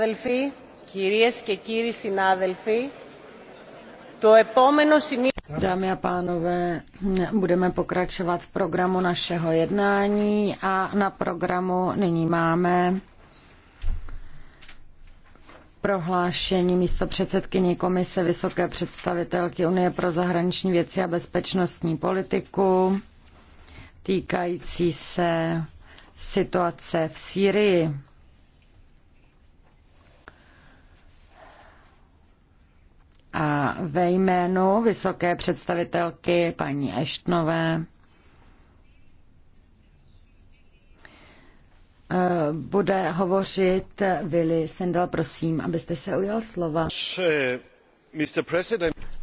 Αδελφοί, κυρίες και κύριοι συνάδελφοι, το επόμενο σημείο... Dámy a pánové, budeme pokračovat v programu našeho jednání a na programu nyní máme prohlášení místo předsedkyně Komise Vysoké představitelky Unie pro zahraniční věci a bezpečnostní politiku týkající se situace v Sýrii. A ve jménu vysoké představitelky paní Eštnové eh, bude hovořit Vili Sendal. Prosím, abyste se ujal slova.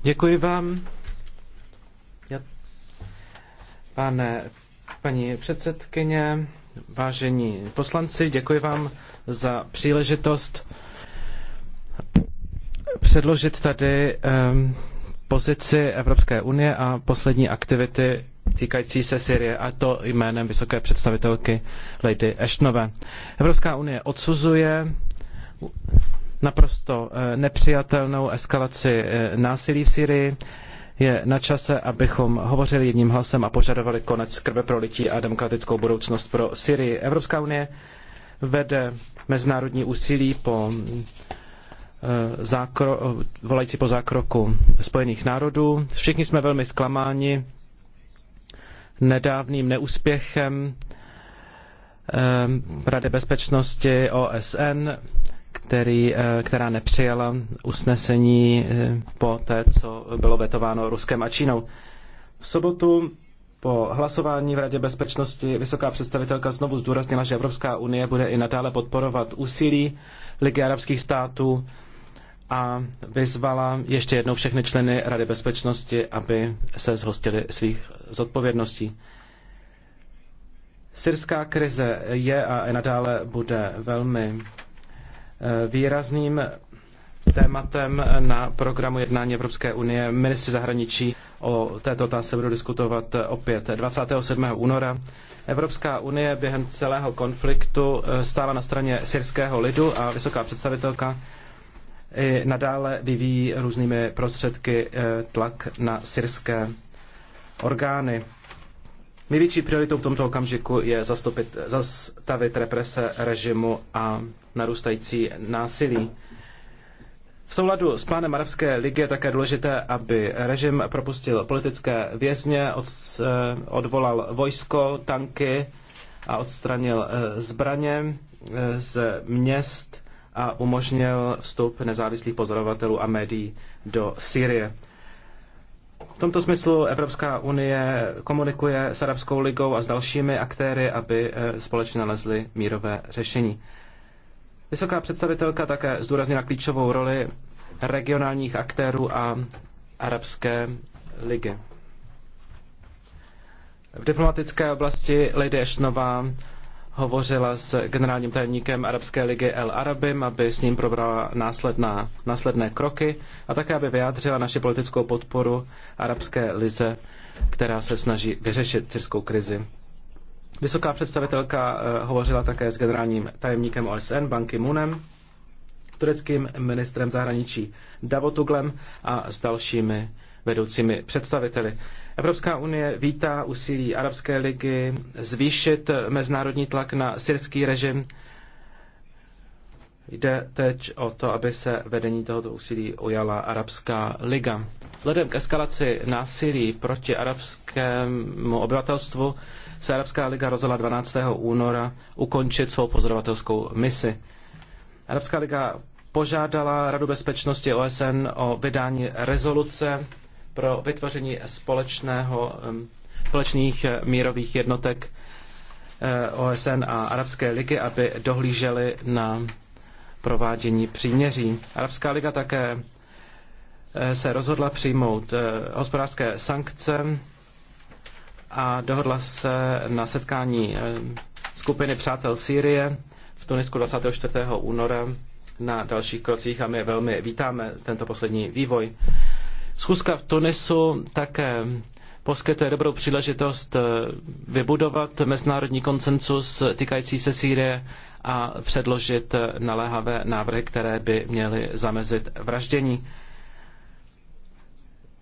Děkuji vám. Já, pane, paní předsedkyně, vážení poslanci, děkuji vám za příležitost předložit tady ehm, pozici Evropské unie a poslední aktivity týkající se Syrie, a to jménem vysoké představitelky Lady Ashtonové. Evropská unie odsuzuje naprosto eh, nepřijatelnou eskalaci eh, násilí v Syrii. Je na čase, abychom hovořili jedním hlasem a požadovali konec krve pro lití a demokratickou budoucnost pro Syrii. Evropská unie vede mezinárodní úsilí po Eh, zákro, volající po zákroku Spojených národů. Všichni jsme velmi zklamáni nedávným neúspěchem eh, Rady bezpečnosti OSN, který, eh, která nepřijala usnesení po té, co bylo vetováno Ruskem a Čínou. V sobotu po hlasování v Radě bezpečnosti vysoká představitelka znovu zdůraznila, že Evropská unie bude i nadále podporovat úsilí Ligy arabských států a vyzvala ještě jednou všechny členy Rady bezpečnosti, aby se zhostili svých zodpovědností. Syrská krize je a i nadále bude velmi eh, výrazným tématem na programu jednání Evropské unie. Ministři zahraničí o této otázce budou diskutovat opět 27. února. Evropská unie během celého konfliktu eh, stála na straně syrského lidu a vysoká představitelka i nadále vyvíjí různými prostředky e, tlak na syrské orgány. Největší prioritou v tomto okamžiku je zastupit, zastavit represe režimu a narůstající násilí. V souladu s plánem Arabské ligy je také důležité, aby režim propustil politické vězně, od, e, odvolal vojsko, tanky a odstranil e, zbraně z měst a umožnil vstup nezávislých pozorovatelů a médií do Syrie. V tomto smyslu Evropská unie komunikuje s Arabskou ligou a s dalšími aktéry, aby eh, společně nalezli mírové řešení. Vysoká představitelka také zdůraznila klíčovou roli regionálních aktérů a Arabské ligy. V diplomatické oblasti Lady Ashtonová hovořila s generálním tajemníkem Arabské ligy El Arabim, aby s ním probrala následná, následné kroky a také, aby vyjádřila naši politickou podporu Arabské lize, která se snaží vyřešit syrskou krizi. Vysoká představitelka eh, hovořila také s generálním tajemníkem OSN Banky Munem, tureckým ministrem zahraničí Davotuglem a s dalšími vedoucími představiteli. Evropská unie vítá úsilí Arabské ligy zvýšit mezinárodní tlak na syrský režim. Jde teď o to, aby se vedení tohoto úsilí ujala Arabská liga. Vzhledem k eskalaci násilí proti arabskému obyvatelstvu se Arabská liga rozhodla 12. února ukončit svou pozorovatelskou misi. Arabská liga požádala Radu bezpečnosti OSN o vydání rezoluce pro vytvoření společného, společných eh, mírových jednotek eh, OSN a Arabské ligy, aby dohlíželi na provádění příměří. Arabská liga také eh, se rozhodla přijmout hospodářské sankce a dohodla se na setkání skupiny Přátel Sýrie v Tunisku 24. února na dalších krocích a my velmi vítáme tento poslední vývoj. Schůzka v Tunisu také poskytuje dobrou příležitost eh, vybudovat mezinárodní konsensus týkající se Sýrie a předložit eh, naléhavé návrhy, které by měly zamezit vraždění.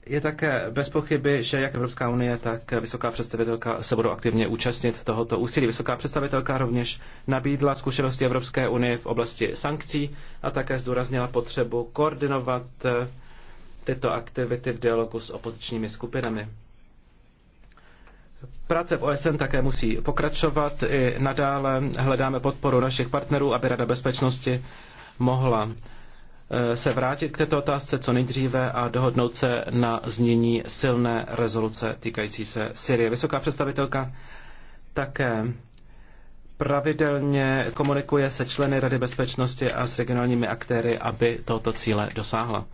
Je také bez pochyby, že jak Evropská unie, tak vysoká představitelka se budou aktivně účastnit tohoto úsilí. Vysoká představitelka rovněž nabídla zkušenosti Evropské unie v oblasti sankcí a také zdůraznila potřebu koordinovat eh, tyto aktivity v dialogu s opozičními skupinami. Práce v OSN také musí pokračovat. I nadále hledáme podporu našich partnerů, aby Rada bezpečnosti mohla eh, se vrátit k této otázce co nejdříve a dohodnout se na znění silné rezoluce týkající se Syrie. Vysoká představitelka také pravidelně komunikuje se členy Rady bezpečnosti a s regionálními aktéry, aby tohoto cíle dosáhla.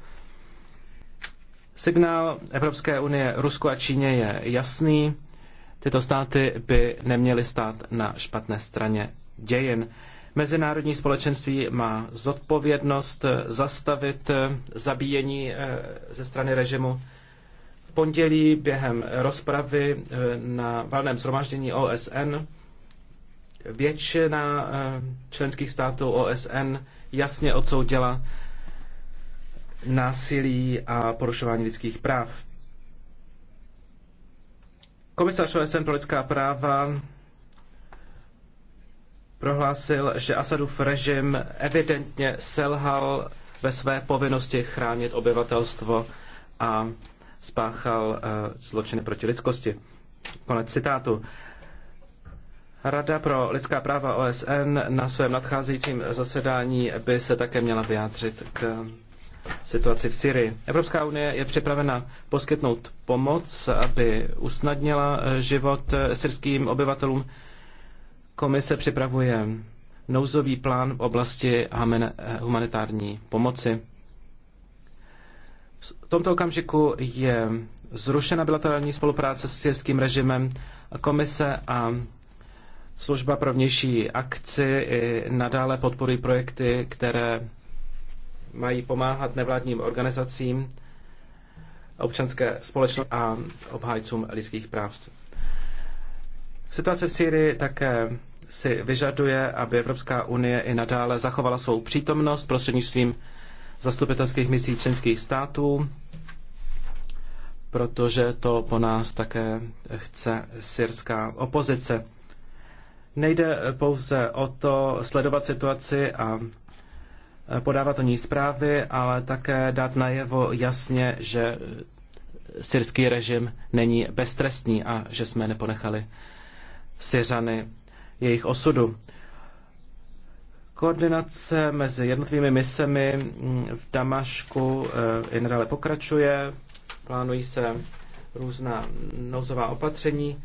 Signál Evropské unie Rusku a Číně je jasný. Tyto státy by neměly stát na špatné straně dějin. Mezinárodní společenství má zodpovědnost zastavit zabíjení eh, ze strany režimu. V pondělí během rozpravy eh, na valném zhromaždění OSN většina eh, členských států OSN jasně odsoudila násilí a porušování lidských práv. Komisař OSN pro lidská práva prohlásil, že Asadův režim evidentně selhal ve své povinnosti chránit obyvatelstvo a spáchal eh, zločiny proti lidskosti. Konec citátu. Rada pro lidská práva OSN na svém nadcházejícím zasedání by se také měla vyjádřit k situaci v Syrii. Evropská unie je připravena poskytnout pomoc, aby usnadnila eh, život eh, syrským obyvatelům. Komise připravuje nouzový plán v oblasti eh, humanitární pomoci. V tomto okamžiku je zrušena bilaterální spolupráce s syrským režimem. Komise a služba pro vnější akci i nadále podporují projekty, které mají pomáhat nevládním organizacím, občanské společnosti a obhájcům lidských práv. Situace v Sýrii také si vyžaduje, aby Evropská unie i nadále zachovala svou přítomnost prostřednictvím zastupitelských misí členských států, protože to po nás také chce syrská opozice. Nejde pouze o to sledovat situaci a Eh, podávat o ní zprávy, ale také dát najevo jasně, že syrský režim není beztrestný a že jsme neponechali Syřany jejich osudu. Koordinace mezi jednotlivými misemi mm, v Damašku eh, i nadále pokračuje. Plánují se různá nouzová opatření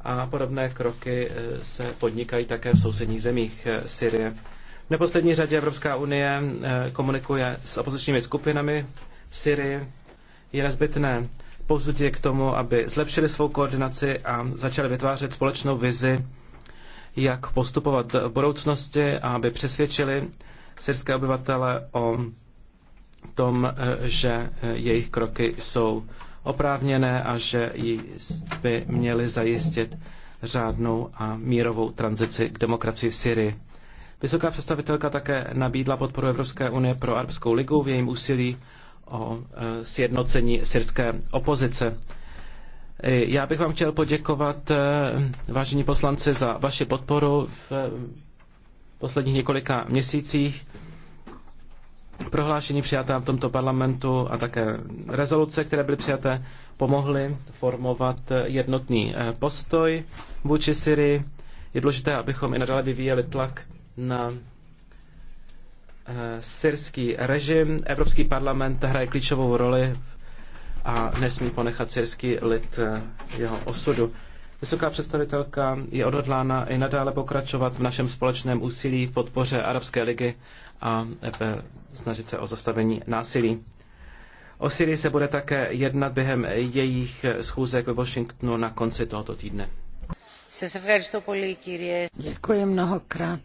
a podobné kroky eh, se podnikají také v sousedních zemích Syrie. V neposlední řadě Evropská unie eh, komunikuje s opozičními skupinami v Syrii. Je nezbytné povzbudit je k tomu, aby zlepšili svou koordinaci a začali vytvářet společnou vizi, jak postupovat v budoucnosti a aby přesvědčili syrské obyvatele o tom, eh, že eh, jejich kroky jsou oprávněné a že by měli zajistit řádnou a mírovou tranzici k demokracii v Syrii. Vysoká představitelka také nabídla podporu Evropské unie pro Arabskou ligu v jejím úsilí o e, sjednocení syrské opozice. E, já bych vám chtěl poděkovat, e, vážení poslanci, za vaši podporu v posledních několika měsících. Prohlášení přijatá v tomto parlamentu a také rezoluce, které byly přijaté, pomohly formovat jednotný postoj vůči Syrii. Je důležité, abychom i nadále vyvíjeli tlak na eh, syrský režim. Evropský parlament hraje klíčovou roli a nesmí ponechat syrský lid eh, jeho osudu. Vysoká představitelka je odhodlána i nadále pokračovat v našem společném úsilí v podpoře Arabské ligy a snažit se o zastavení násilí. O Syrii se bude také jednat během jejich eh, schůzek ve Washingtonu na konci tohoto týdne. Děkuji mnohokrát.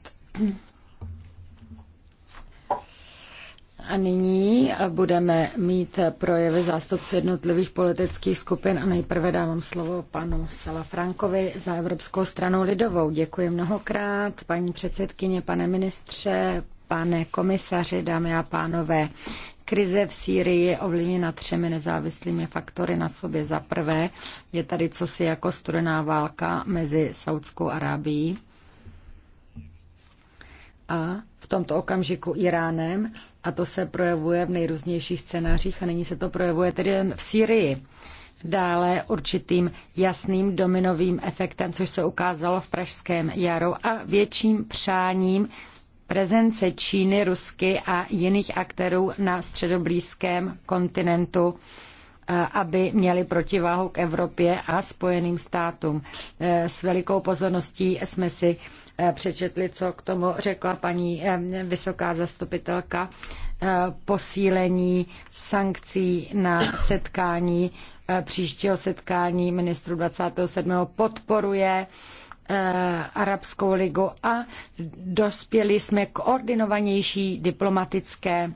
A nyní budeme mít projevy zástupců jednotlivých politických skupin a nejprve dávám slovo panu Salafrankovi za Evropskou stranu lidovou. Děkuji mnohokrát, paní předsedkyně, pane ministře, pane komisaři, dámy a pánové. Krize v Sýrii je ovlivněna třemi nezávislými faktory na sobě. Za prvé je tady cosi jako studená válka mezi Saudskou Arábií, a v tomto okamžiku Iránem a to se projevuje v nejrůznějších scénářích a nyní se to projevuje tedy v Sýrii. Dále určitým jasným dominovým efektem, což se ukázalo v Pražském jaru a větším přáním prezence Číny, Rusky a jiných aktérů na středoblízkém kontinentu eh, aby měli protiváhu k Evropě a Spojeným státům. Eh, s velikou pozorností jsme si Eh, přečetli, co k tomu řekla paní eh, vysoká zastupitelka eh, posílení sankcí na setkání příštího setkání ministru 27. podporuje Arabskou ligu a dospěli jsme k ordinovanější diplomatické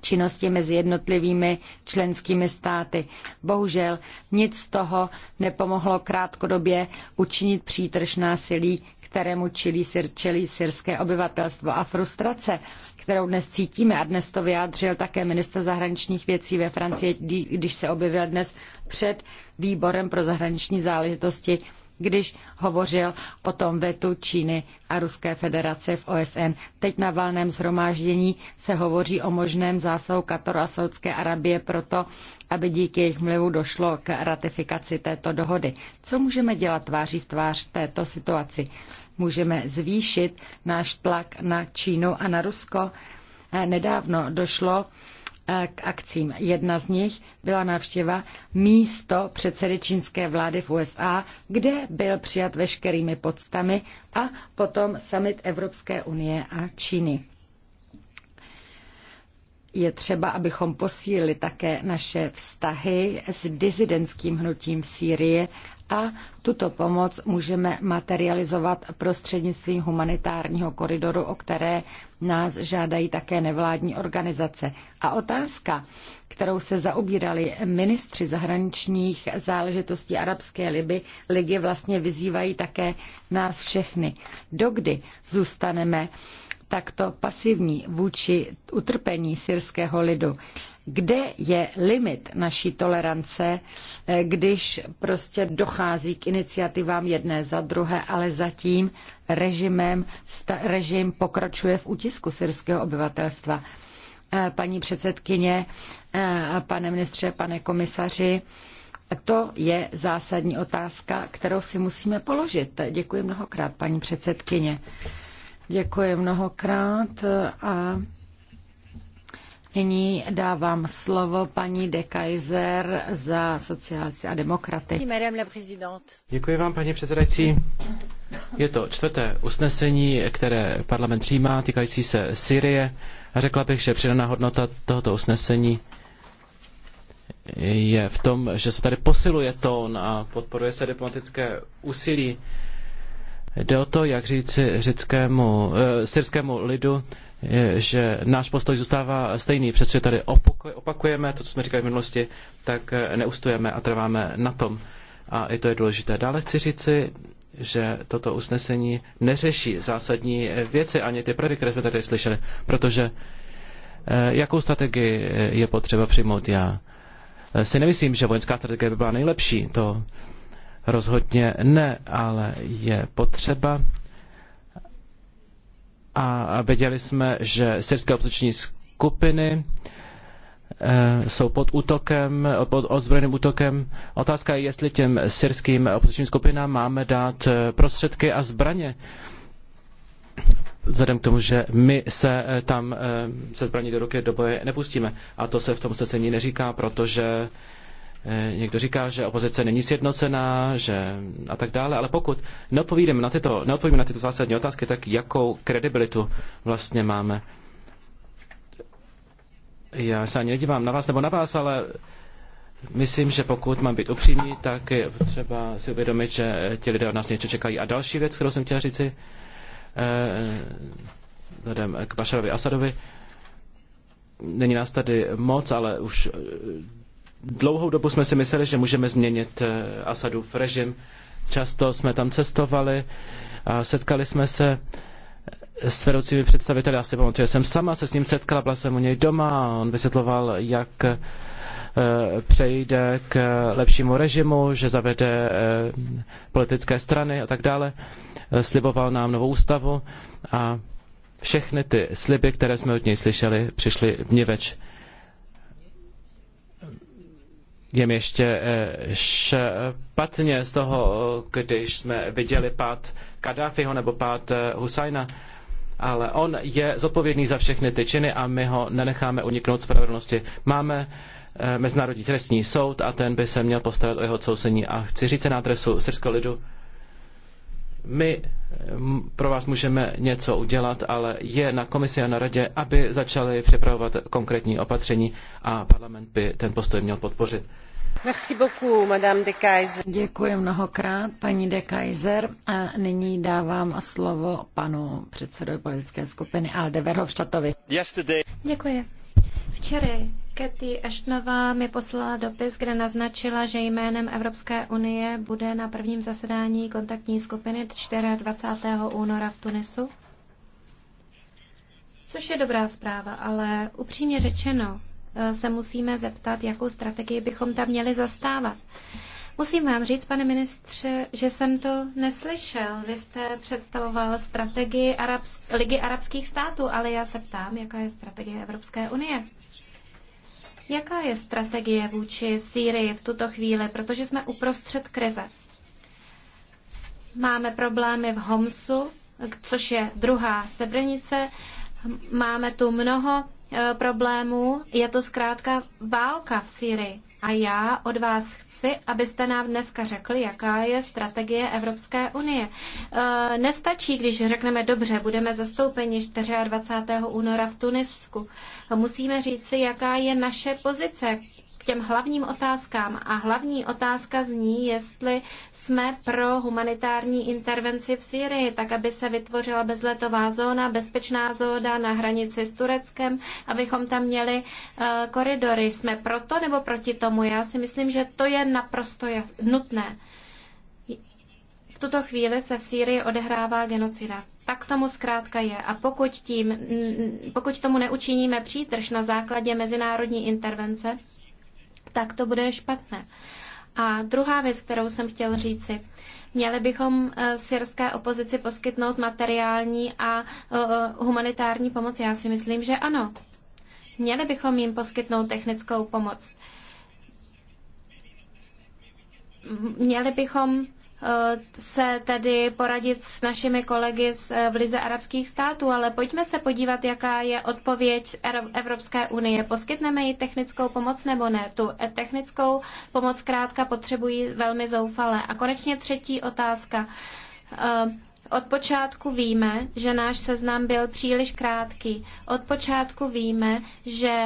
činnosti mezi jednotlivými členskými státy. Bohužel nic z toho nepomohlo krátkodobě učinit přítrž násilí kterému čelí, sir, čelí syrské obyvatelstvo a frustrace, kterou dnes cítíme a dnes to vyjádřil také minister zahraničních věcí ve Francii, když se objevil dnes před výborem pro zahraniční záležitosti když hovořil o tom vetu Číny a Ruské federace v OSN. Teď na valném zhromáždění se hovoří o možném zásahu Kataru a Saudské Arabie proto, aby díky jejich mlivu došlo k ratifikaci této dohody. Co můžeme dělat tváří v tvář této situaci? Můžeme zvýšit náš tlak na Čínu a na Rusko? Nedávno došlo Eh, k akcím. Jedna z nich byla návštěva místo předsedy čínské vlády v USA, kde byl přijat veškerými podstami a potom summit Evropské unie a Číny. Je třeba, abychom posílili také naše vztahy s dizidentským hnutím v Sýrii a tuto pomoc můžeme materializovat prostřednictvím humanitárního koridoru, o které nás žádají také nevládní organizace. A otázka, kterou se zaobírali ministři zahraničních záležitostí Arabské Liby, ligy vlastně vyzývají také nás všechny. Dokdy zůstaneme takto pasivní vůči utrpení syrského lidu. Kde je limit naší tolerance, eh, když prostě dochází k iniciativám jedné za druhé, ale zatím režimem, sta, režim pokračuje v útisku syrského obyvatelstva? Eh, paní předsedkyně, eh, pane ministře, pane komisaři, to je zásadní otázka, kterou si musíme položit. Děkuji mnohokrát, paní předsedkyně. Děkuji mnohokrát a nyní dávám slovo paní de Kaiser za sociální a demokraty. Děkuji vám, paní předsedající. Je to čtvrté usnesení, které parlament přijímá, týkající se Syrie. A řekla bych, že přidaná hodnota tohoto usnesení je v tom, že se tady posiluje tón a podporuje se diplomatické úsilí Jde o to, jak říci řeckému, eh, syrskému lidu, eh, že náš postoj zůstává stejný, přestože tady opakujeme to, co jsme říkali v minulosti, tak eh, neustujeme a trváme na tom. A i to je důležité. Dále chci říci, že toto usnesení neřeší zásadní věci, ani ty prvy, které jsme tady slyšeli, protože jakou strategii je potřeba přijmout já si nemyslím, že vojenská strategie by byla nejlepší. To Rozhodně ne, ale je potřeba. A věděli jsme, že syrské obzoční skupiny eh, jsou pod útokem, pod ozbrojeným útokem. Otázka je, jestli těm syrským opozičním skupinám máme dát eh, prostředky a zbraně. Vzhledem k tomu, že my se eh, tam se zbraní do ruky do boje nepustíme. A to se v tom sesení neříká, protože Eh, někdo říká, že opozice není sjednocená, že a tak dále, ale pokud neodpovíme na tyto, neodpovíme na tyto zásadní otázky, tak jakou kredibilitu vlastně máme? Já se ani nedívám na vás nebo na vás, ale myslím, že pokud mám být upřímný, tak je třeba si uvědomit, že ti lidé od nás něco čekají. A další věc, kterou jsem chtěl říci, eh, vzhledem eh, k Bašarovi Asadovi, není nás tady moc, ale už dlouhou dobu jsme si mysleli, že můžeme změnit eh, Asadův režim. Často jsme tam cestovali a setkali jsme se eh, s vedoucími představiteli, já si pamatuju, že jsem sama se s ním setkala, byla jsem u něj doma a on vysvětloval, jak eh, přejde k lepšímu režimu, že zavede politické strany a tak dále. Sliboval nám novou ústavu a všechny ty sliby, které jsme od něj slyšeli, přišly v več jim ještě eh, špatně z toho, když jsme viděli pád Kadáfiho nebo pád eh, Husajna. Ale on je zodpovědný za všechny ty činy a my ho nenecháme uniknout spravedlnosti. Máme eh, Mezinárodní trestní soud a ten by se měl postarat o jeho odsouzení. A chci říct na adresu Srdského lidu, my pro vás můžeme něco udělat, ale je na komisi a na radě, aby začali připravovat konkrétní opatření a parlament by ten postoj měl podpořit. Děkuji mnohokrát, paní de Kaiser. A nyní dávám slovo panu předsedovi politické skupiny Alde Verhofstadtovi. Děkuji. Včera Kathy Ashtonová mi poslala dopis, kde naznačila, že jménem Evropské unie bude na prvním zasedání kontaktní skupiny 24. února v Tunisu. Což je dobrá zpráva, ale upřímně řečeno, se musíme zeptat, jakou strategii bychom tam měli zastávat. Musím vám říct, pane ministře, že jsem to neslyšel. Vy jste představoval strategii Arabs- Ligy arabských států, ale já se ptám, jaká je strategie Evropské unie. Jaká je strategie vůči Sýrii v tuto chvíli, protože jsme uprostřed krize? Máme problémy v Homsu, což je druhá sebrnice. Máme tu mnoho Eh, problémů. Je to zkrátka válka v Syrii. A já od vás chci, abyste nám dneska řekli, jaká je strategie Evropské unie. E, nestačí, když řekneme dobře, budeme zastoupeni 24. února v Tunisku. Musíme říci, jaká je naše pozice těm hlavním otázkám. A hlavní otázka zní, jestli jsme pro humanitární intervenci v Syrii, tak aby se vytvořila bezletová zóna, bezpečná zóna na hranici s Tureckem, abychom tam měli eh, koridory. Jsme proto nebo proti tomu? Já si myslím, že to je naprosto nutné. V tuto chvíli se v Sýrii odehrává genocida. Tak tomu zkrátka je. A pokud, tím, pokud tomu neučiníme přítrž na základě mezinárodní intervence, tak to bude špatné. A druhá věc, kterou jsem chtěl říci, měli bychom eh, syrské opozici poskytnout materiální a eh, eh, humanitární pomoc? Já si myslím, že ano. Měli bychom jim poskytnout technickou pomoc. Měli bychom se tedy poradit s našimi kolegy eh, v Lize arabských států, ale pojďme se podívat, jaká je odpověď Evropské unie. Poskytneme jí technickou pomoc nebo ne? Tu eh, technickou pomoc krátka potřebují velmi zoufale. A konečně třetí otázka. Eh, od počátku víme, že náš seznam byl příliš krátký. Od počátku víme, že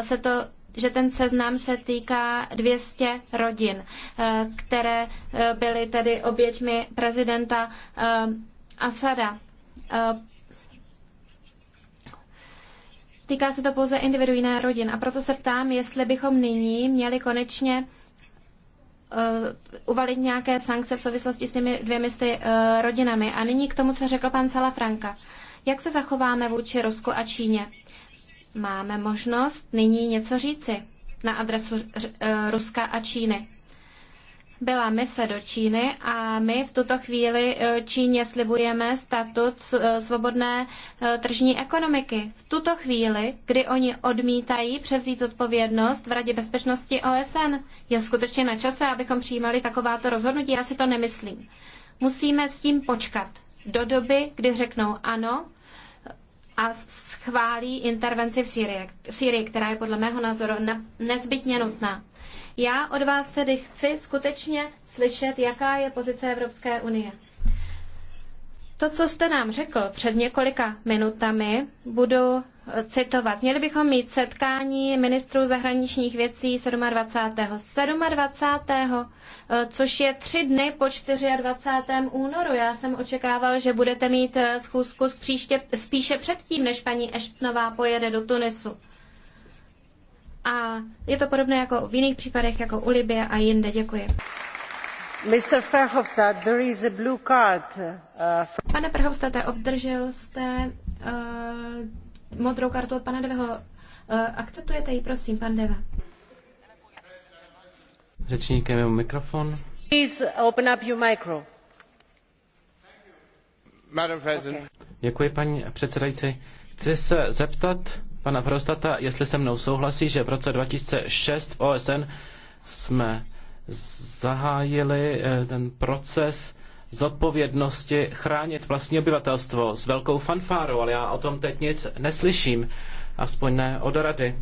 se to že ten seznam se týká 200 rodin, eh, které eh, byly tedy oběťmi prezidenta eh, Asada. Týká se to pouze individu jiné rodin a proto se ptám, jestli bychom nyní měli konečně uvalit nějaké sankce v souvislosti s těmi dvěmi sty, rodinami. A nyní k tomu, co řekl pan Salafranka. Jak se zachováme vůči Rusku a Číně? máme možnost nyní něco říci na adresu eh, Ruska a Číny. Byla mise do Číny a my v tuto chvíli eh, Číně slibujeme statut eh, svobodné tržní ekonomiky. V tuto chvíli, kdy oni odmítají převzít odpovědnost v Radě bezpečnosti OSN, je skutečně na čase, abychom přijímali takováto rozhodnutí. Já si to nemyslím. Musíme s tím počkat do doby, kdy řeknou ano, a schválí intervenci v Syrii, v Syrii která je podle mého názoru nezbytně nutná. Já od vás tedy chci skutečně slyšet, jaká je pozice Evropské unie. To, co jste nám řekl před několika minutami, budu citovat. Měli bychom mít setkání ministrů zahraničních věcí 27. 27. což je tři dny po 24. únoru. Já jsem očekával, že budete mít eh, schůzku příště, spíše předtím, než paní Eštnová pojede do Tunisu. A je to podobné jako v jiných případech, jako u Libie a jinde. Děkuji. There is a blue card, uh, from... Pane Verhofstadte, obdržel jste uh, modrou kartu od pana Deveho. Eh, akceptujete ji, prosím, pan Deva. Řečníkem je mikrofon. Please open up your micro. Madam President. Okay. Děkuji, paní předsedající. Chci se zeptat pana Prostata, jestli se mnou souhlasí, že v roce 2006 v OSN jsme zahájili eh, ten proces zodpovědnosti chránit vlastní obyvatelstvo s velkou fanfárou, ale já o tom teď nic neslyším, aspoň ne od rady.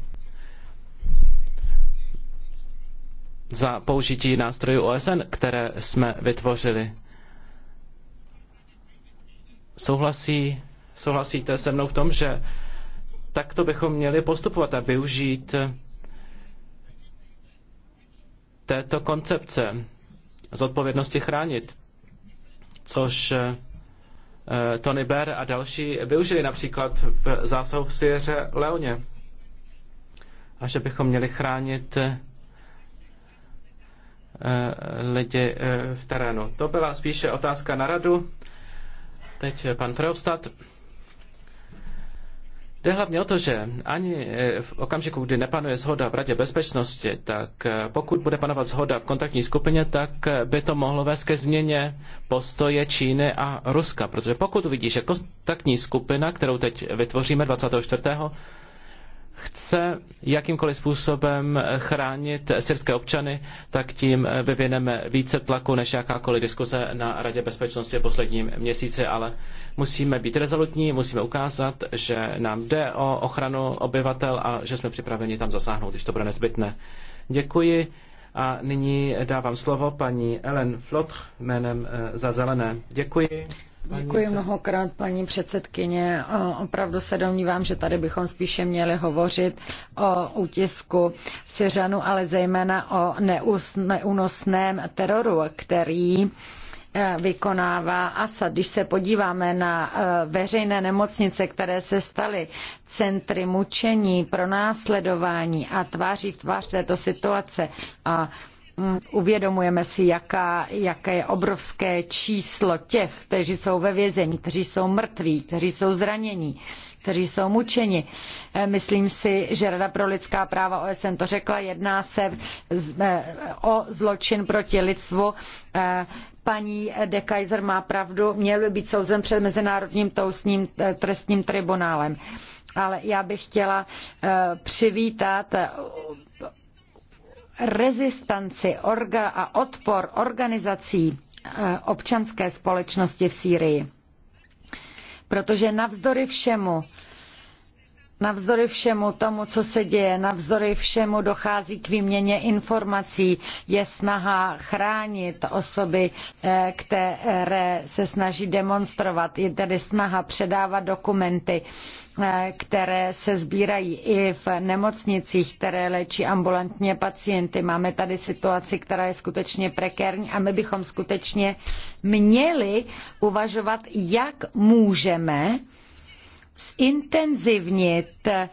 Za použití nástrojů OSN, které jsme vytvořili. Souhlasí, souhlasíte se mnou v tom, že takto bychom měli postupovat a využít této koncepce zodpovědnosti chránit což eh, Tony Blair a další využili například v zásahu v Sierře Leoně. A že bychom měli chránit eh, lidi eh, v terénu. To byla spíše otázka na radu. Teď pan Preobstat. Jde hlavně o to, že ani eh, v okamžiku, kdy nepanuje shoda v Radě bezpečnosti, tak eh, pokud bude panovat shoda v kontaktní skupině, tak eh, by to mohlo vést ke změně postoje Číny a Ruska. Protože pokud uvidí, že kontaktní skupina, kterou teď vytvoříme 24 chce jakýmkoliv způsobem chránit syrské občany, tak tím vyvineme více tlaku než jakákoliv diskuse na Radě bezpečnosti v posledním měsíci, ale musíme být rezolutní, musíme ukázat, že nám jde o ochranu obyvatel a že jsme připraveni tam zasáhnout, když to bude nezbytné. Děkuji a nyní dávám slovo paní Ellen Flotch jménem eh, za zelené. Děkuji. Děkuji mnohokrát, paní předsedkyně. Opravdu se domnívám, že tady bychom spíše měli hovořit o útisku Syřanu, ale zejména o neúnosném teroru, který e, vykonává Asad. Když se podíváme na e, veřejné nemocnice, které se staly centry mučení, pro následování a tváří v tvář této situace a Mm, uvědomujeme si, jaká, jaké je obrovské číslo těch, kteří jsou ve vězení, kteří jsou mrtví, kteří jsou zranění, kteří jsou mučeni. Eh, myslím si, že Rada pro lidská práva OSN to řekla, jedná se eh, o zločin proti lidstvu. Eh, paní de Kaiser má pravdu, měl by být souzen před Mezinárodním tousním trestním tribunálem ale já bych chtěla přivítat rezistanci orga a odpor organizací eh, občanské společnosti v Sýrii. Protože navzdory všemu Navzdory všemu tomu, co se děje, navzdory všemu dochází k výměně informací, je snaha chránit osoby, eh, které se snaží demonstrovat, je tedy snaha předávat dokumenty, eh, které se sbírají i v nemocnicích, které léčí ambulantně pacienty. Máme tady situaci, která je skutečně prekérní a my bychom skutečně měli uvažovat, jak můžeme zintenzivnit eh,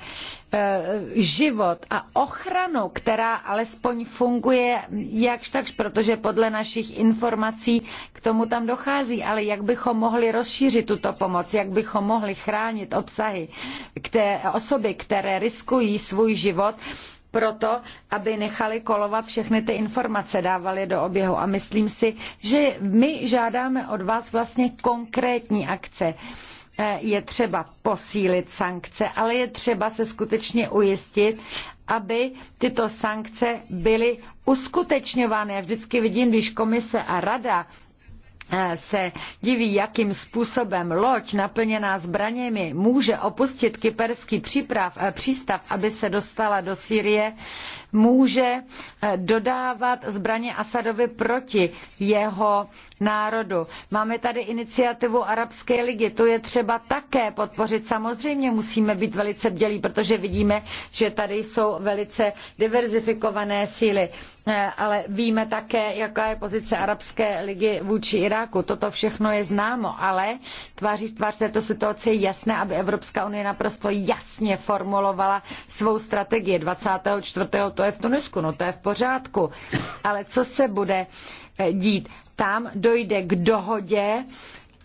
život a ochranu, která alespoň funguje jakž takž, protože podle našich informací k tomu tam dochází, ale jak bychom mohli rozšířit tuto pomoc, jak bychom mohli chránit obsahy, které, osoby, které riskují svůj život, proto, aby nechali kolovat všechny ty informace, dávali do oběhu. A myslím si, že my žádáme od vás vlastně konkrétní akce E, je třeba posílit sankce, ale je třeba se skutečně ujistit, aby tyto sankce byly uskutečňovány. Já vždycky vidím, když komise a rada e, se diví, jakým způsobem loď naplněná zbraněmi může opustit kyperský příprav, e, přístav, aby se dostala do Sýrie, může eh, dodávat zbraně Asadovi proti jeho národu. Máme tady iniciativu Arabské ligy, To je třeba také podpořit. Samozřejmě musíme být velice bdělí, protože vidíme, že tady jsou velice diverzifikované síly. Eh, ale víme také, jaká je pozice Arabské ligy vůči Iráku. Toto všechno je známo, ale tváří v tvář této situace je jasné, aby Evropská unie naprosto jasně formulovala svou strategii 24 je v Tunisku, no to je v pořádku. Ale co se bude eh, dít? Tam dojde k dohodě,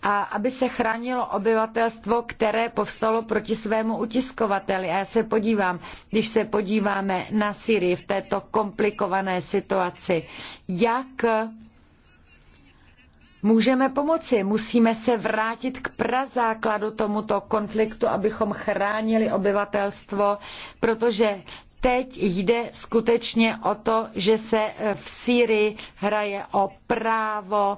a aby se chránilo obyvatelstvo, které povstalo proti svému utiskovateli. A já se podívám, když se podíváme na Syrii v této komplikované situaci, jak Můžeme pomoci, musíme se vrátit k prazákladu tomuto konfliktu, abychom chránili obyvatelstvo, protože Teď jde skutečně o to, že se eh, v Sýrii hraje o právo,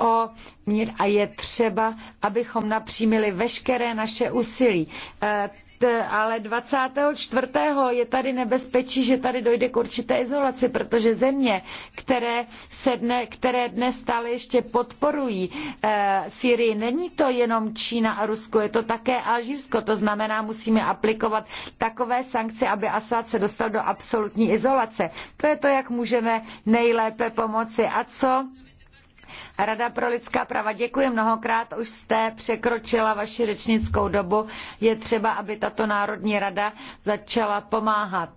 o mír a je třeba, abychom napřímili veškeré naše úsilí. Eh, Eh, ale 24. je tady nebezpečí, že tady dojde k určité izolaci, protože země, které, se dne, které dnes stále ještě podporují e, eh, Syrii, není to jenom Čína a Rusko, je to také Alžírsko. To znamená, musíme aplikovat takové sankce, aby Asad se dostal do absolutní izolace. To je to, jak můžeme nejlépe pomoci. A co? Rada pro lidská práva, děkuji mnohokrát, už jste překročila vaši řečnickou dobu. Je třeba, aby tato Národní rada začala pomáhat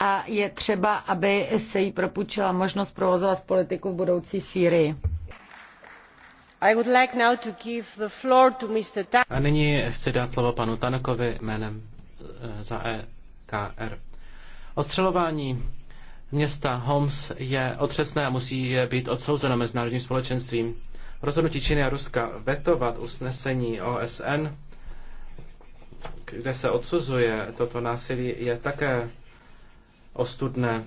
a je třeba, aby se jí propučila možnost provozovat politiku v budoucí Sýrii. a nyní chci dát slovo panu Tanakovi jménem eh, za EKR. Ostřelování města Homs je otřesné a musí být odsouzeno mezinárodním společenstvím. Rozhodnutí Číny a Ruska vetovat usnesení OSN, kde se odsuzuje toto násilí, je také ostudné.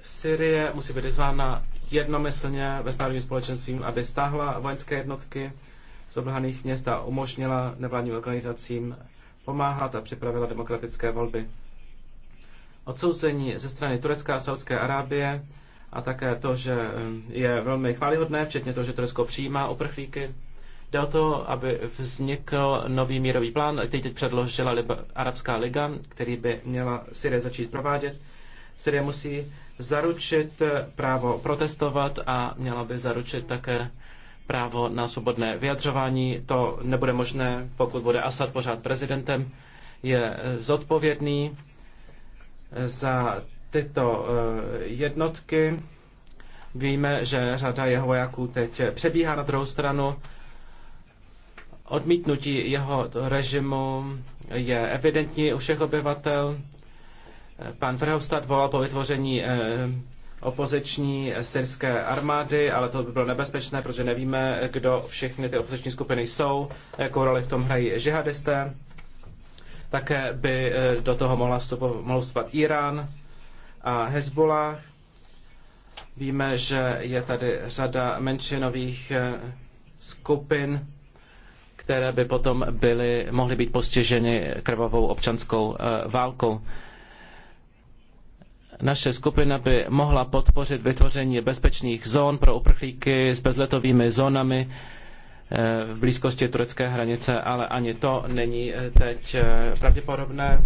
Syrie musí být vyzvána jednomyslně mezinárodním společenstvím, aby stáhla vojenské jednotky z oblehaných měst a umožnila nevládním organizacím pomáhat a připravila demokratické volby odsouzení ze strany Turecka a Saudské Arábie a také to, že eh, je velmi chválihodné, včetně toho, že Turecko přijímá uprchlíky. Jde o to, aby vznikl nový mírový plán, který teď předložila Arabská liga, který by měla Syrie začít provádět. Syrie musí zaručit eh, právo protestovat a měla by zaručit také právo na svobodné vyjadřování. To nebude možné, pokud bude Assad pořád prezidentem. Je eh, zodpovědný za tyto eh, jednotky. Víme, že řada jeho vojáků teď přebíhá na druhou stranu. Odmítnutí jeho režimu je evidentní u všech obyvatel. Pan Verhofstadt volal po vytvoření eh, opoziční syrské armády, ale to by bylo nebezpečné, protože nevíme, kdo všechny ty opoziční skupiny jsou, jakou roli v tom hrají žihadisté. Také by eh, do toho mohla mohl vstupovat Irán a Hezbollah. Víme, že je tady řada menšinových eh, skupin, které by potom byly, mohly být postiženy krvavou občanskou eh, válkou. Naše skupina by mohla podpořit vytvoření bezpečných zón pro uprchlíky s bezletovými zónami, Eh, v blízkosti turecké hranice, ale ani to není eh, teď eh, pravděpodobné.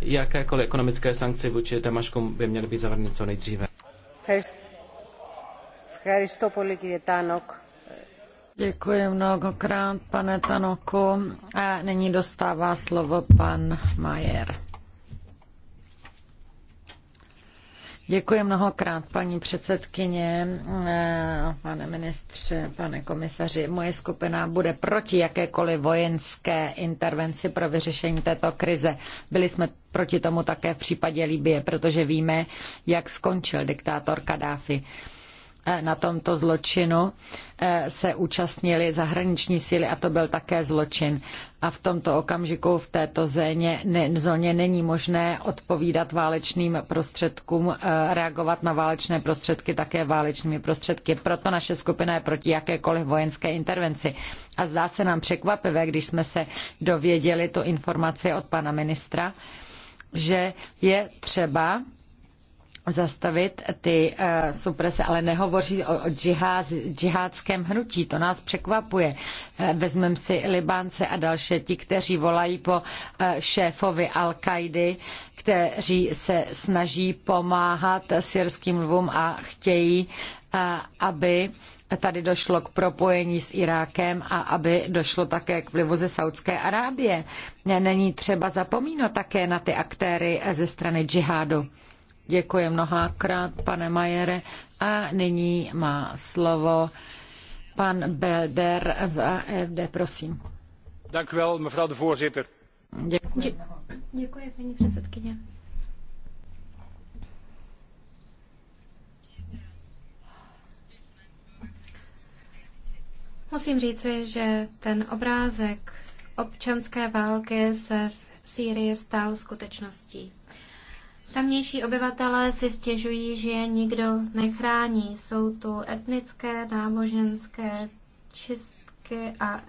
Jakékoliv ekonomické sankce vůči Damašku by měly být zavrny co nejdříve. Děkuji mnohokrát, pane Tanoku. A nyní dostává slovo pan Majer. Děkuji mnohokrát, paní předsedkyně, eh, pane ministře, pane komisaři. Moje skupina bude proti jakékoliv vojenské intervenci pro vyřešení této krize. Byli jsme proti tomu také v případě Libie, protože víme, jak skončil diktátor Kadáfi. E, na tomto zločinu e, se účastnili zahraniční síly a to byl také zločin. A v tomto okamžiku v této zóně, ne, zóně není možné odpovídat válečným prostředkům, e, reagovat na válečné prostředky také válečnými prostředky. Proto naše skupina je proti jakékoliv vojenské intervenci. A zdá se nám překvapivé, když jsme se dověděli tu informaci od pana ministra, že je třeba zastavit ty uh, suprese, ale nehovoří o, o džiház, džihádském hnutí. To nás překvapuje. Uh, eh, vezmeme si Libánce a další, ti, kteří volají po uh, šéfovi al kaidy kteří se snaží pomáhat syrským lvům a chtějí, uh, aby tady došlo k propojení s Irákem a aby došlo také k vlivu ze Saudské Arábie. Není třeba zapomínat také na ty aktéry ze strany džihádu. Děkuji mnohokrát, pane Majere. A nyní má slovo pan Belder za AFD, prosím. Děkuji. Děkuji, paní předsedkyně. Musím říci, že ten obrázek občanské války se v Sýrii stal skutečností. Tamnější obyvatelé si stěžují, že je nikdo nechrání. Jsou tu etnické, náboženské čistky a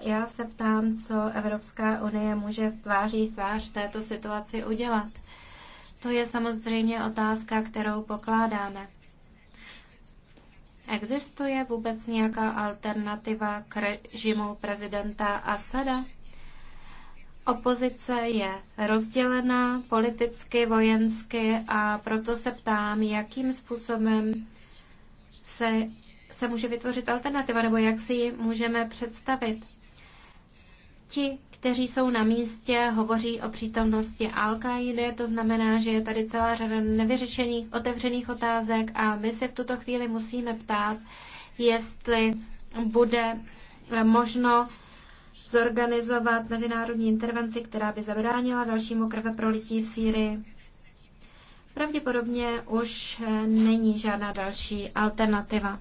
já se ptám, co Evropská unie může v tváří v tvář této situaci udělat. To je samozřejmě otázka, kterou pokládáme. Existuje vůbec nějaká alternativa k režimu prezidenta Asada? Opozice je rozdělená politicky, vojensky a proto se ptám, jakým způsobem se, se může vytvořit alternativa nebo jak si ji můžeme představit. Ti, kteří jsou na místě, hovoří o přítomnosti al qaidy to znamená, že je tady celá řada nevyřešených otevřených otázek a my se v tuto chvíli musíme ptát, jestli bude možno zorganizovat mezinárodní intervenci, která by zabránila dalšímu krveprolití v Sýrii. Pravděpodobně už není žádná další alternativa.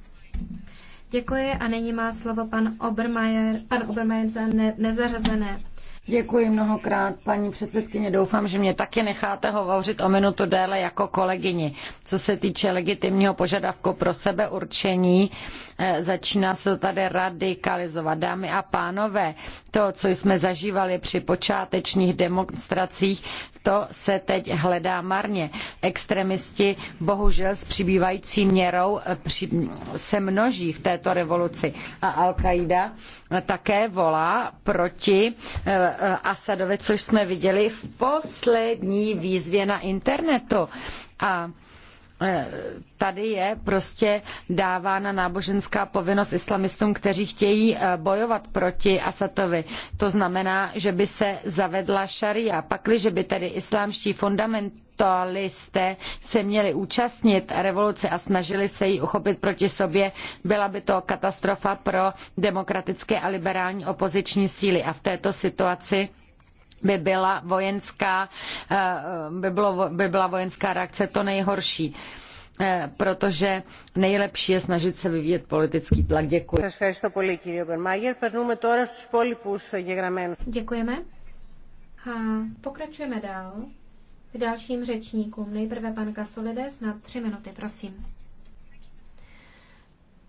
Děkuji a nyní má slovo pan Obermajer, pan Obermajer za ne, nezařazené. Děkuji mnohokrát, paní předsedkyně. Doufám, že mě taky necháte hovořit o minutu déle jako kolegyni. Co se týče legitimního požadavku pro sebeurčení, eh, začíná se to tady radikalizovat. Dámy a pánové, to, co jsme zažívali při počátečních demonstracích, to se teď hledá marně. Extremisti bohužel s přibývající měrou eh, se množí v této revoluci. A Al-Qaida také volá proti eh, eh, Asadovi, což jsme viděli v poslední výzvě na internetu. A eh, tady je prostě dávána náboženská povinnost islamistům, kteří chtějí bojovat proti Asatovi. To znamená, že by se zavedla šaria. Pakliže by tedy islámští fundament kapitalisté se měli účastnit revoluce a snažili se ji uchopit proti sobě, byla by to katastrofa pro demokratické a liberální opoziční síly. A v této situaci by byla vojenská, eh, by, bylo, by byla vojenská reakce to nejhorší eh, protože nejlepší je snažit se vyvíjet politický tlak. Děkuji. Děkujeme. A pokračujeme dál k dalším řečníkům. Nejprve pan Kasolides na tři minuty, prosím.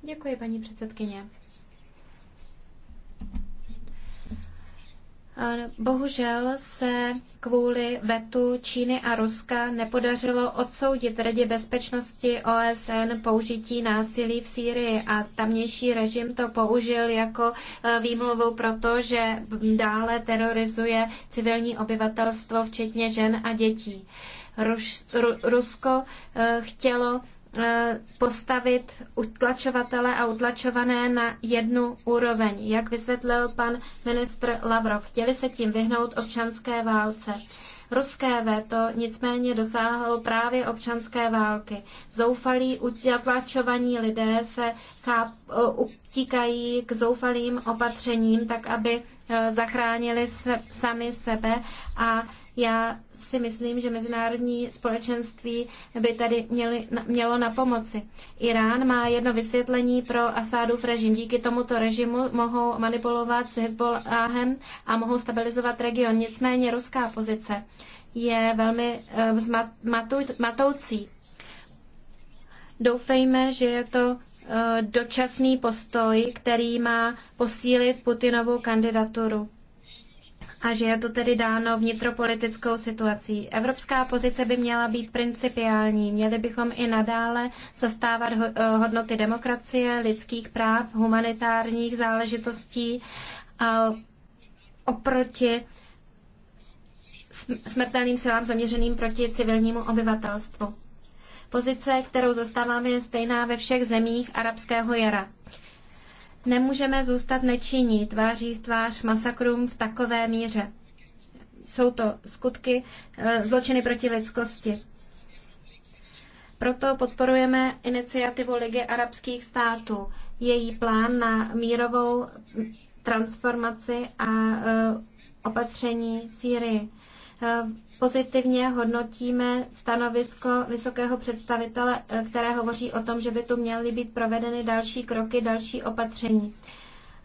Děkuji, paní předsedkyně. Bohužel se kvůli vetu Číny a Ruska nepodařilo odsoudit Radě bezpečnosti OSN použití násilí v Sýrii a tamnější režim to použil jako e, výmluvu to, že dále terorizuje civilní obyvatelstvo, včetně žen a dětí. Rusko e, chtělo Eh, postavit utlačovatele a utlačované na jednu úroveň, jak vysvětlil pan ministr Lavrov. Chtěli se tím vyhnout občanské válce. Ruské veto nicméně dosáhlo právě občanské války. Zoufalí utlačovaní lidé se cháp, utíkají k zoufalým opatřením, tak aby eh, zachránili se, sami sebe a já si myslím, že mezinárodní společenství by tady měli, mělo na pomoci. Irán má jedno vysvětlení pro Asádův režim. Díky tomuto režimu mohou manipulovat s Hezbollahem a mohou stabilizovat region. Nicméně ruská pozice je velmi eh, matoucí. Doufejme, že je to eh, dočasný postoj, který má posílit Putinovou kandidaturu a že je to tedy dáno vnitropolitickou situací. Evropská pozice by měla být principiální. Měli bychom i nadále zastávat eh, hodnoty demokracie, lidských práv, humanitárních záležitostí oproti smrtelným silám zaměřeným proti civilnímu obyvatelstvu. Pozice, kterou zastáváme, je stejná ve všech zemích arabského jara. Nemůžeme zůstat nečinní tváří v tvář masakrům v takové míře. Jsou to skutky eh, zločiny proti lidskosti. Proto podporujeme iniciativu Ligy arabských států, její plán na mírovou transformaci a eh, opatření Sýrii. Eh, Pozitivně hodnotíme stanovisko vysokého představitele, eh, které hovoří o tom, že by tu měly být provedeny další kroky, další opatření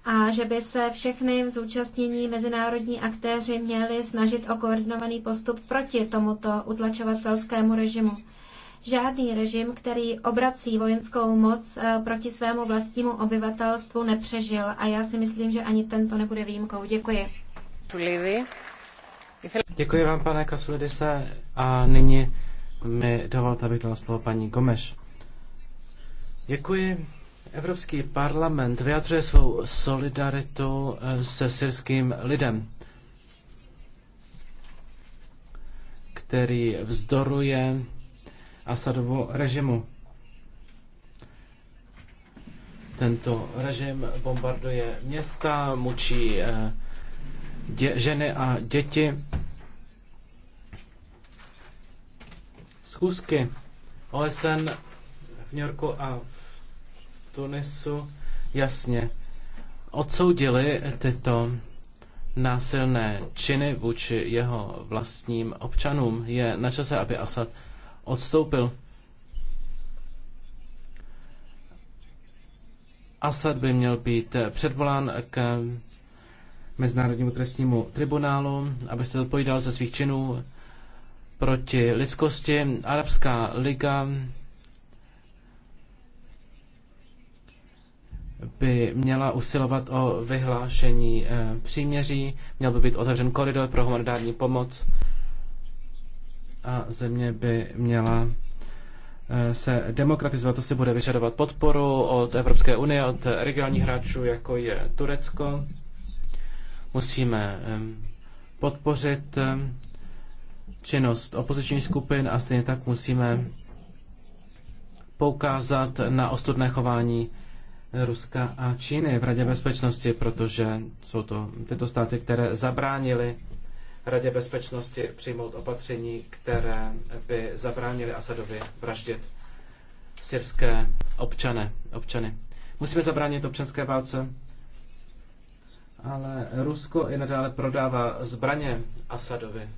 a že by se všechny zúčastnění mezinárodní aktéři měli snažit o koordinovaný postup proti tomuto utlačovatelskému režimu. Žádný režim, který obrací vojenskou moc eh, proti svému vlastnímu obyvatelstvu, nepřežil a já si myslím, že ani tento nebude výjimkou. Děkuji. Děkuji vám, pane Kasulidise. A nyní mi dovolte, abych dal slovo paní Gomeš. Děkuji. Evropský parlament vyjadřuje svou solidaritu eh, se syrským lidem, který vzdoruje Asadovu režimu. Tento režim bombarduje města, mučí eh, ženy a děti schůzky OSN v New Yorku a v Tunisu jasně odsoudili tyto násilné činy vůči jeho vlastním občanům. Je na čase, aby Asad odstoupil. Asad by měl být předvolán k Mezinárodnímu trestnímu tribunálu, aby se odpovídal ze svých činů proti lidskosti. Arabská liga by měla usilovat o vyhlášení eh, příměří, měl by být otevřen koridor pro humanitární pomoc a země by měla eh, se demokratizovat. To si bude vyžadovat podporu od Evropské unie, od regionálních hráčů, jako je Turecko. Musíme eh, podpořit činnost opozičních skupin a stejně tak musíme poukázat na ostudné chování Ruska a Číny v Radě bezpečnosti, protože jsou to tyto státy, které zabránily Radě bezpečnosti přijmout opatření, které by zabránily Asadovi vraždit syrské občany. občany. Musíme zabránit občanské válce, ale Rusko i nadále prodává zbraně Asadovi.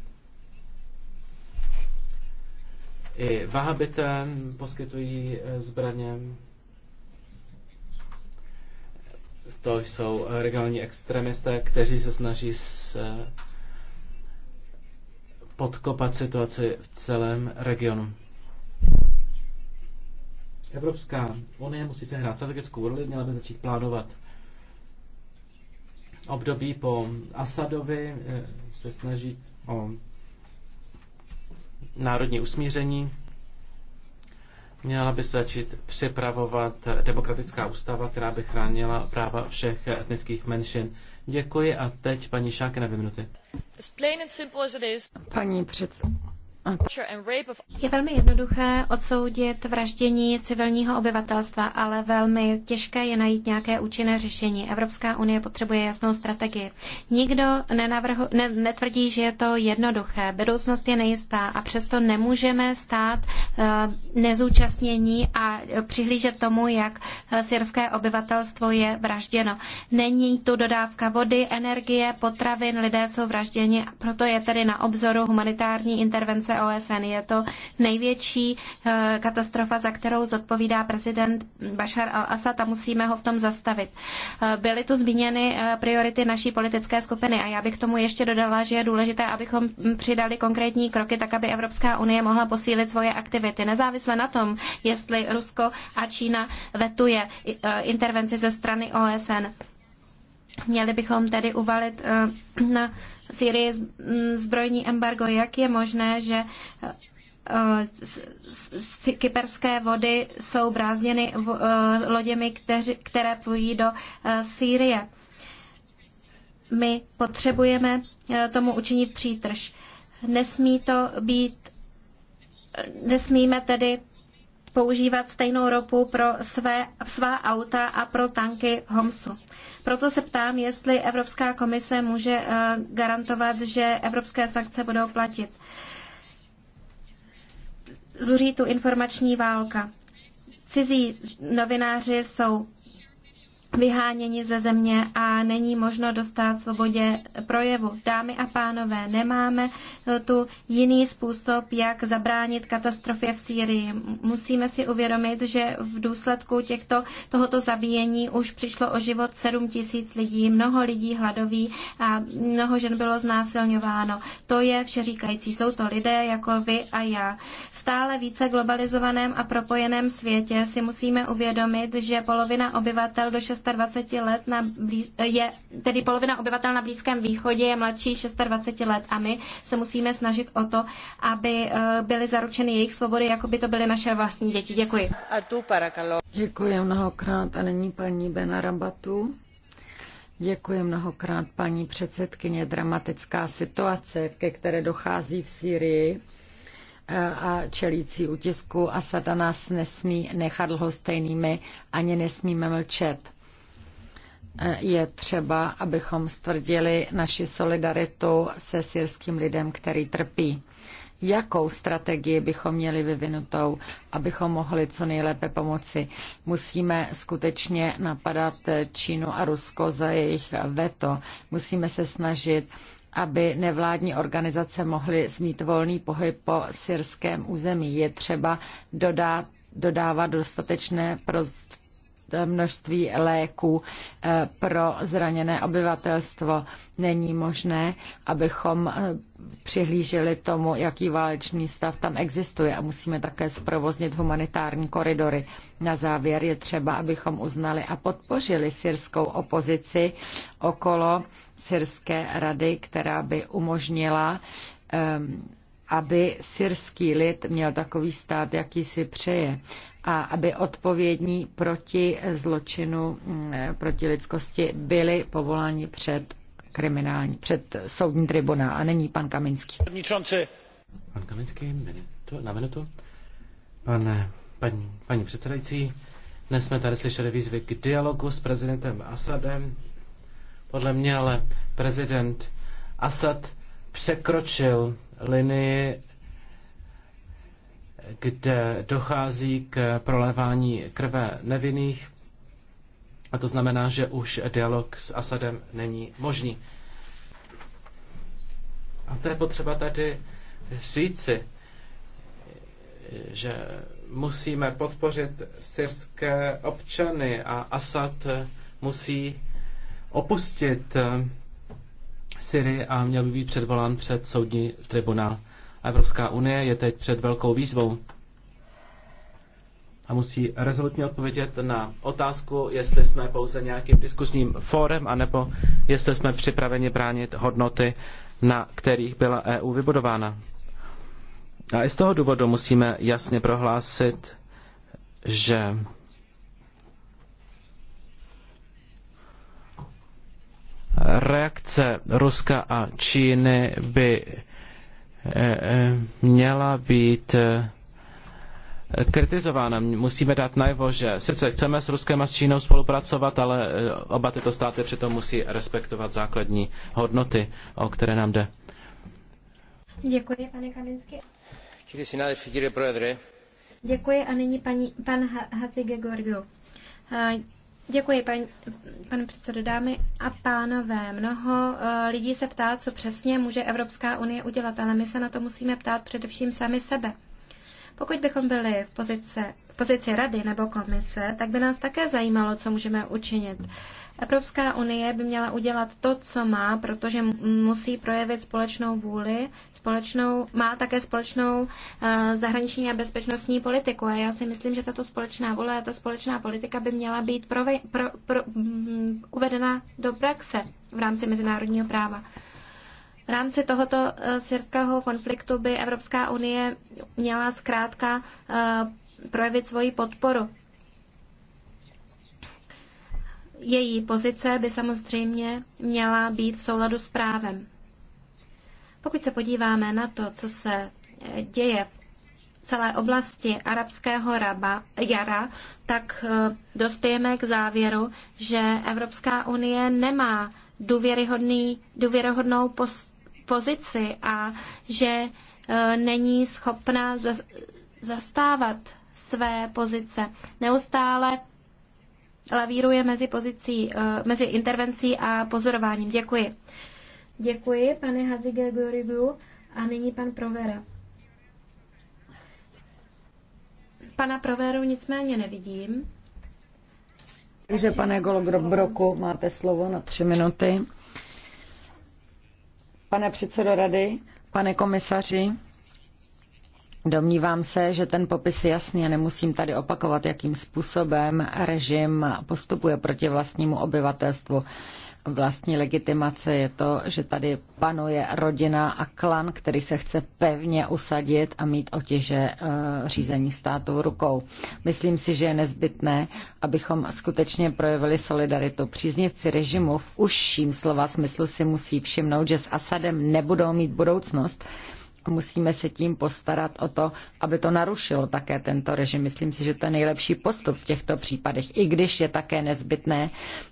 i Vahabité poskytují e, zbraně. To jsou e, regionální extremisté, kteří se snaží s e, podkopat situaci v celém regionu. Evropská unie musí se hrát strategickou roli, měla by začít plánovat období po Asadovi, se snaží o národní usmíření. Měla by se začít připravovat demokratická ústava, která by chránila práva všech etnických menšin. Děkuji a teď paní Šáke na dvě minuty. Paní předsedající, je velmi jednoduché odsoudit vraždění civilního obyvatelstva, ale velmi těžké je najít nějaké účinné řešení. Evropská unie potřebuje jasnou strategii. Nikdo nenavrhu, ne, netvrdí, že je to jednoduché. Budoucnost je nejistá a přesto nemůžeme stát uh, nezúčastnění a přihlížet tomu, jak eh, syrské obyvatelstvo je vražděno. Není tu dodávka vody, energie, potravin, lidé jsou vražděni, proto je tedy na obzoru humanitární intervence organizace OSN. Je to největší eh, katastrofa, za kterou zodpovídá prezident Bashar al-Assad a musíme ho v tom zastavit. Eh, byly tu zmíněny eh, priority naší politické skupiny a já bych k tomu ještě dodala, že je důležité, abychom mm, přidali konkrétní kroky, tak aby Evropská unie mohla posílit svoje aktivity. Nezávisle na tom, jestli Rusko a Čína vetuje intervenci ze strany OSN. Měli bychom tedy uvalit na Syrii zbrojní embargo. Jak je možné, že e, kyperské vody jsou brázděny e, loděmi, které plují do e, Sýrie. My potřebujeme tomu učinit přítrž. Nesmí to být, nesmíme tedy používat stejnou ropu pro své, svá auta a pro tanky Homsu. Proto se ptám, jestli Evropská komise může eh, garantovat, že evropské sankce budou platit. Zuří tu informační válka. Cizí novináři jsou vyháněni ze země a není možno dostat svobodě projevu. Dámy a pánové, nemáme eh, tu jiný způsob, jak zabránit katastrofě v Sýrii. Musíme si uvědomit, že v důsledku těchto, tohoto zabíjení už přišlo o život 7 tisíc lidí, mnoho lidí hladoví a mnoho žen bylo znásilňováno. To je vše říkající. Jsou to lidé jako vy a já. V stále více globalizovaném a propojeném světě si musíme uvědomit, že polovina obyvatel do 6 26 let na blíz, je tedy polovina obyvatel na Blízkém východě je mladší 26 let a my se musíme snažit o to, aby eh, byly zaručeny jejich svobody, jako by to byly naše vlastní děti. Děkuji. A tu parakalo. Děkuji mnohokrát a není paní Benarabatu. Děkuji mnohokrát paní předsedkyně. Dramatická situace, ke které dochází v Sýrii eh, a čelící utisku Asada nás nesmí nechat lhostejnými, ani nesmíme mlčet je třeba, abychom stvrdili naši solidaritu se syrským lidem, který trpí. Jakou strategii bychom měli vyvinutou, abychom mohli co nejlépe pomoci? Musíme skutečně napadat Čínu a Rusko za jejich veto. Musíme se snažit, aby nevládní organizace mohly zmít volný pohyb po syrském území. Je třeba dodat, dodávat dostatečné prostředky množství léků eh, pro zraněné obyvatelstvo. Není možné, abychom eh, přihlíželi tomu, jaký válečný stav tam existuje a musíme také zprovoznit humanitární koridory. Na závěr je třeba, abychom uznali a podpořili syrskou opozici okolo syrské rady, která by umožnila ehm, aby syrský lid měl takový stát, jaký si přeje a aby odpovědní proti zločinu, mm, eh, proti lidskosti byli povoláni před kriminální, před soudní tribuna A není pan Kaminský. Pan Kaminský, minuto, na minutu. Pane, paní, paní předsedající, dnes jsme tady slyšeli výzvy k dialogu s prezidentem Asadem. Podle mě ale prezident Asad překročil linii kde dochází k prolévání krve nevinných. A to znamená, že už dialog s Asadem není možný. A to je potřeba tady říci, že musíme podpořit syrské občany a Asad musí opustit Syrii a měl by být předvolán před soudní tribunál. Evropská unie je teď před velkou výzvou a musí rezolutně odpovědět na otázku, jestli jsme pouze nějakým diskusním fórem, anebo jestli jsme připraveni bránit hodnoty, na kterých byla EU vybudována. A i z toho důvodu musíme jasně prohlásit, že reakce Ruska a Číny by Eh, eh, měla být eh, kritizována. Musíme dát najevo, že sice chceme s Ruskem a s Čínou spolupracovat, ale oba tyto státy přitom musí respektovat základní hodnoty, o které nám jde. Děkuji, pane Kaminsky. Děkuji a nyní paní, pan Hadzi Georgiou. Děkuji, paní, pane předsedo, dámy a pánové. Mnoho eh, lidí se ptá, co přesně může Evropská unie udělat, ale my se na to musíme ptát především sami sebe. Pokud bychom byli v pozice, v pozici rady nebo komise, tak by nás také zajímalo, co můžeme učinit. Evropská unie by měla udělat to, co má, protože musí projevit společnou vůli, společnou, má také společnou eh, zahraniční a bezpečnostní politiku. A já si myslím, že tato společná vůle a ta společná politika by měla být prove, pro, pro, um, uvedena do praxe v rámci mezinárodního práva. V rámci tohoto eh, syrského konfliktu by Evropská unie měla zkrátka eh, projevit svoji podporu její pozice by samozřejmě měla být v souladu s právem. Pokud se podíváme na to, co se eh, děje v celé oblasti arabského raba, jara, tak eh, dospějeme k závěru, že Evropská unie nemá důvěryhodný, důvěryhodnou pos, pozici a že eh, není schopna zastávat své pozice. Neustále lavíruje mezi, pozicí, eh, mezi intervencí a pozorováním. Děkuji. Děkuji, pane Hadzige Gorigu. A nyní pan Provera. Pana Proveru nicméně nevidím. Takže, pane Golobroku, máte slovo na tři minuty. Pane předsedo rady, pane komisaři, Domnívám se, že ten popis je jasný a nemusím tady opakovat, jakým způsobem režim postupuje proti vlastnímu obyvatelstvu. Vlastní legitimace je to, že tady panuje rodina a klan, který se chce pevně usadit a mít otěže eh, řízení státu rukou. Myslím si, že je nezbytné, abychom skutečně projevili solidaritu. Příznivci režimu v užším slova smyslu si musí všimnout, že s Asadem nebudou mít budoucnost musíme se tím postarat o to, aby to narušilo také tento režim. Myslím si, že to je nejlepší postup v těchto případech, i když je také nezbytné,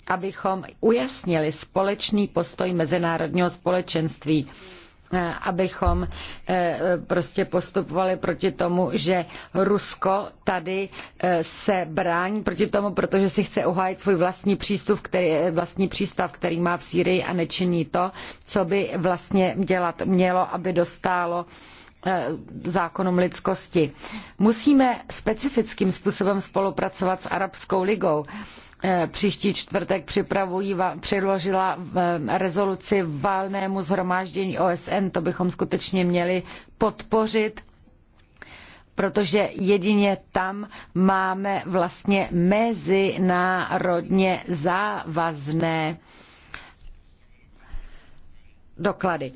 abychom ujasnili společný postoj mezinárodního společenství Eh, abychom eh, prostě postupovali proti tomu, že Rusko tady eh, se brání proti tomu, protože si chce uhájit svůj vlastní přístup, který, vlastní přístav, který má v Sýrii a nečiní to, co by vlastně dělat mělo, aby dostálo zákonům lidskosti. Musíme specifickým způsobem spolupracovat s Arabskou ligou Eh, příští čtvrtek připravují, předložila eh, rezoluci válnému zhromáždění OSN. To bychom skutečně měli podpořit, protože jedině tam máme vlastně mezinárodně závazné doklady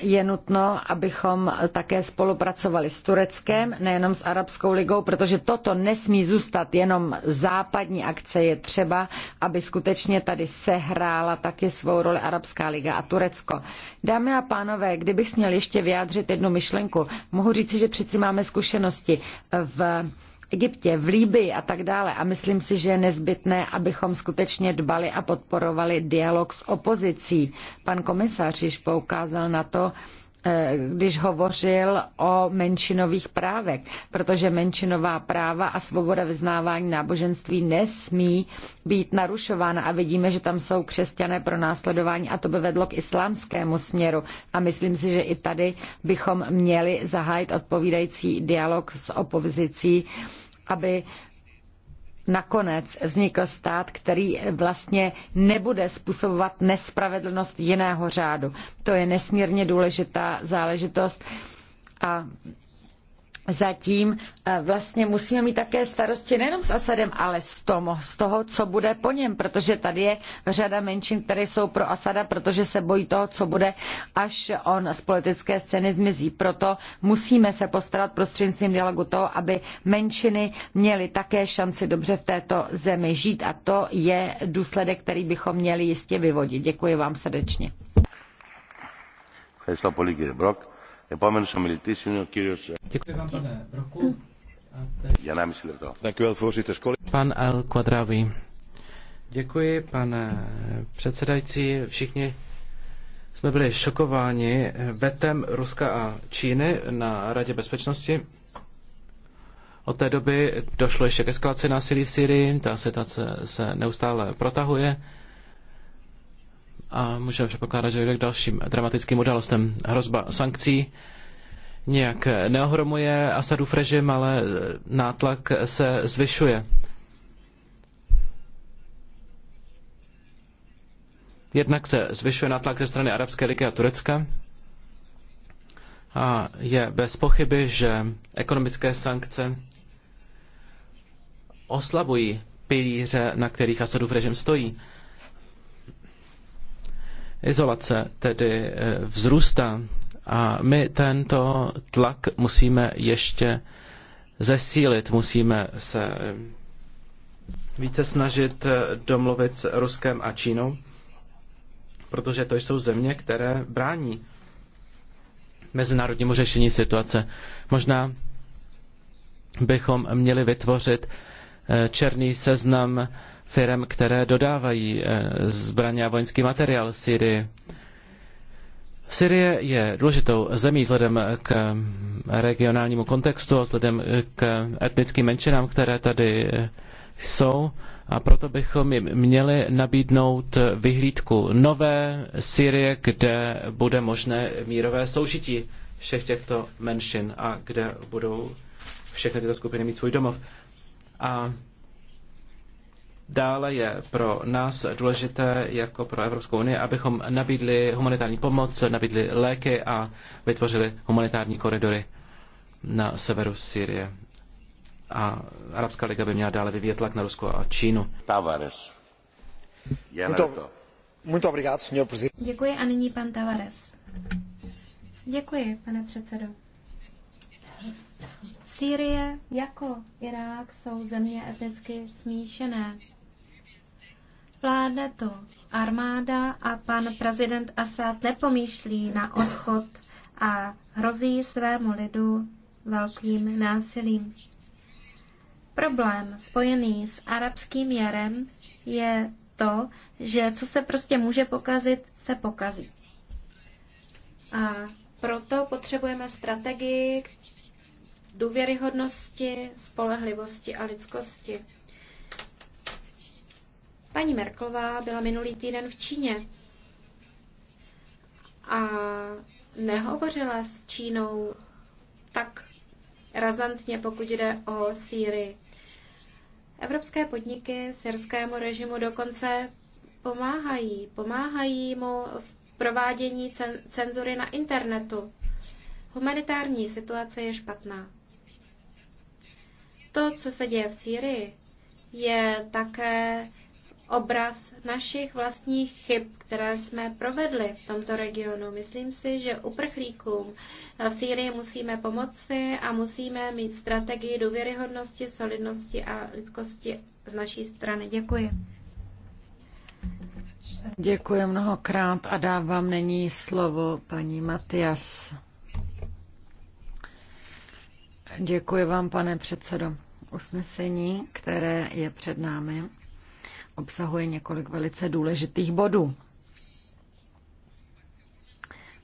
je nutno, abychom také spolupracovali s Tureckem, nejenom s Arabskou ligou, protože toto nesmí zůstat jenom západní akce. Je třeba, aby skutečně tady sehrála taky svou roli Arabská liga a Turecko. Dámy a pánové, kdybych měl ještě vyjádřit jednu myšlenku, mohu říci, že přeci máme zkušenosti v Egyptě, v Líbii a tak dále. A myslím si, že je nezbytné, abychom skutečně dbali a podporovali dialog s opozicí. Pan komisař již poukázal na to, Eh, když hovořil o menšinových právech, protože menšinová práva a svoboda vyznávání náboženství nesmí být narušována a vidíme, že tam jsou křesťané pro následování a to by vedlo k islámskému směru a myslím si, že i tady bychom měli zahájit odpovídající dialog s opozicí, aby nakonec vznikl stát, který vlastně nebude způsobovat nespravedlnost jiného řádu. To je nesmírně důležitá záležitost a zatím eh, vlastně musíme mít také starosti nejenom s Asadem, ale z toho, z toho, co bude po něm, protože tady je řada menšin, které jsou pro Asada, protože se bojí toho, co bude, až on z politické scény zmizí. Proto musíme se postarat prostřednictvím dialogu toho, aby menšiny měly také šanci dobře v této zemi žít a to je důsledek, který bychom měli jistě vyvodit. Děkuji vám srdečně. Brok, Děkuji vám, pane Pan Děkuji, předsedající. Všichni jsme byli šokováni vetem Ruska a Číny na Radě bezpečnosti. Od té doby došlo ještě k eskalaci násilí v Syrii, ta situace se neustále protahuje a můžeme předpokládat, že dojde k dalším dramatickým událostem. Hrozba sankcí nějak neohromuje Asadův režim, ale nátlak se zvyšuje. Jednak se zvyšuje nátlak ze strany Arabské ligy a Turecka. A je bez pochyby, že ekonomické sankce oslabují pilíře, na kterých Asadův režim stojí. Izolace tedy eh, vzrůstá a my tento tlak musíme ještě zesílit, musíme se více snažit eh, domluvit s Ruskem a Čínou, protože to jsou země, které brání mezinárodnímu řešení situace. Možná bychom měli vytvořit eh, černý seznam firm, které dodávají eh, zbraně a vojenský materiál Syrii. Syrie je důležitou zemí vzhledem k regionálnímu kontextu a vzhledem k etnickým menšinám, které tady eh, jsou a proto bychom jim měli nabídnout vyhlídku nové Syrie, kde bude možné mírové soužití všech těchto menšin a kde budou všechny tyto skupiny mít svůj domov. A Dále je pro nás důležité, jako pro Evropskou unii, abychom nabídli humanitární pomoc, nabídli léky a vytvořili humanitární koridory na severu Syrie A Arabská liga by měla dále vyvíjet tlak na Rusko a Čínu. Tavares. Děkuji a nyní pan Tavares. Děkuji, pane předsedo. Sýrie jako Irák jsou země etnicky smíšené. Vláda to armáda a pan prezident Assad nepomýšlí na odchod a hrozí svému lidu velkým násilím. Problém spojený s arabským jarem je to, že co se prostě může pokazit, se pokazí. A proto potřebujeme strategii důvěryhodnosti, spolehlivosti a lidskosti. Paní Merklová byla minulý týden v Číně a nehovořila s Čínou tak razantně, pokud jde o Sýrii. Evropské podniky syrskému režimu dokonce pomáhají. Pomáhají mu v provádění cen- cenzury na internetu. Humanitární situace je špatná. To, co se děje v Sýrii, je také obraz našich vlastních chyb, které jsme provedli v tomto regionu. Myslím si, že uprchlíkům v Sýrii musíme pomoci a musíme mít strategii důvěryhodnosti, solidnosti a lidskosti z naší strany. Děkuji. Děkuji mnohokrát a dávám nyní slovo paní Matias. Děkuji vám, pane předsedo. Usnesení, které je před námi, obsahuje několik velice důležitých bodů.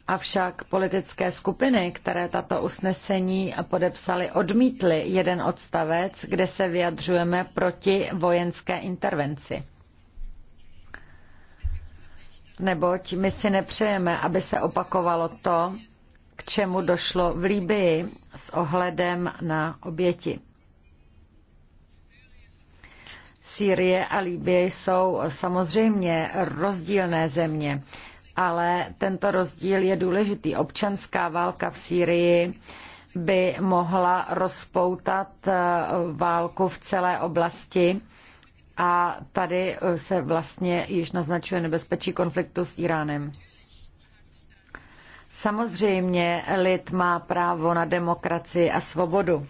Avšak politické skupiny, které tato usnesení podepsali, odmítly jeden odstavec, kde se vyjadřujeme proti vojenské intervenci. Neboť my si nepřejeme, aby se opakovalo to, k čemu došlo v Líbii s ohledem na oběti. Sýrie a Líbie jsou samozřejmě rozdílné země, ale tento rozdíl je důležitý. Občanská válka v Sýrii by mohla rozpoutat eh, válku v celé oblasti a tady eh, se vlastně již naznačuje nebezpečí konfliktu s Iránem. Samozřejmě lid má právo na demokracii a svobodu.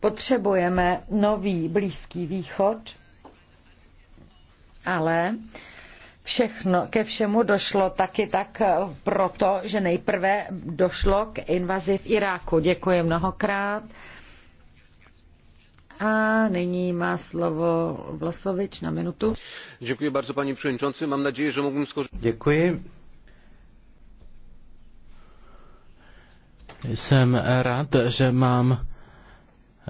Potřebujeme nový Blízký východ, ale všechno, ke všemu došlo taky tak proto, že nejprve došlo k invazi v Iráku. Děkuji mnohokrát. A nyní má slovo Vlasovič na minutu. Děkuji bardzo, paní předsedající. Mám naději, že mohu skořit. Děkuji. Jsem rád, že mám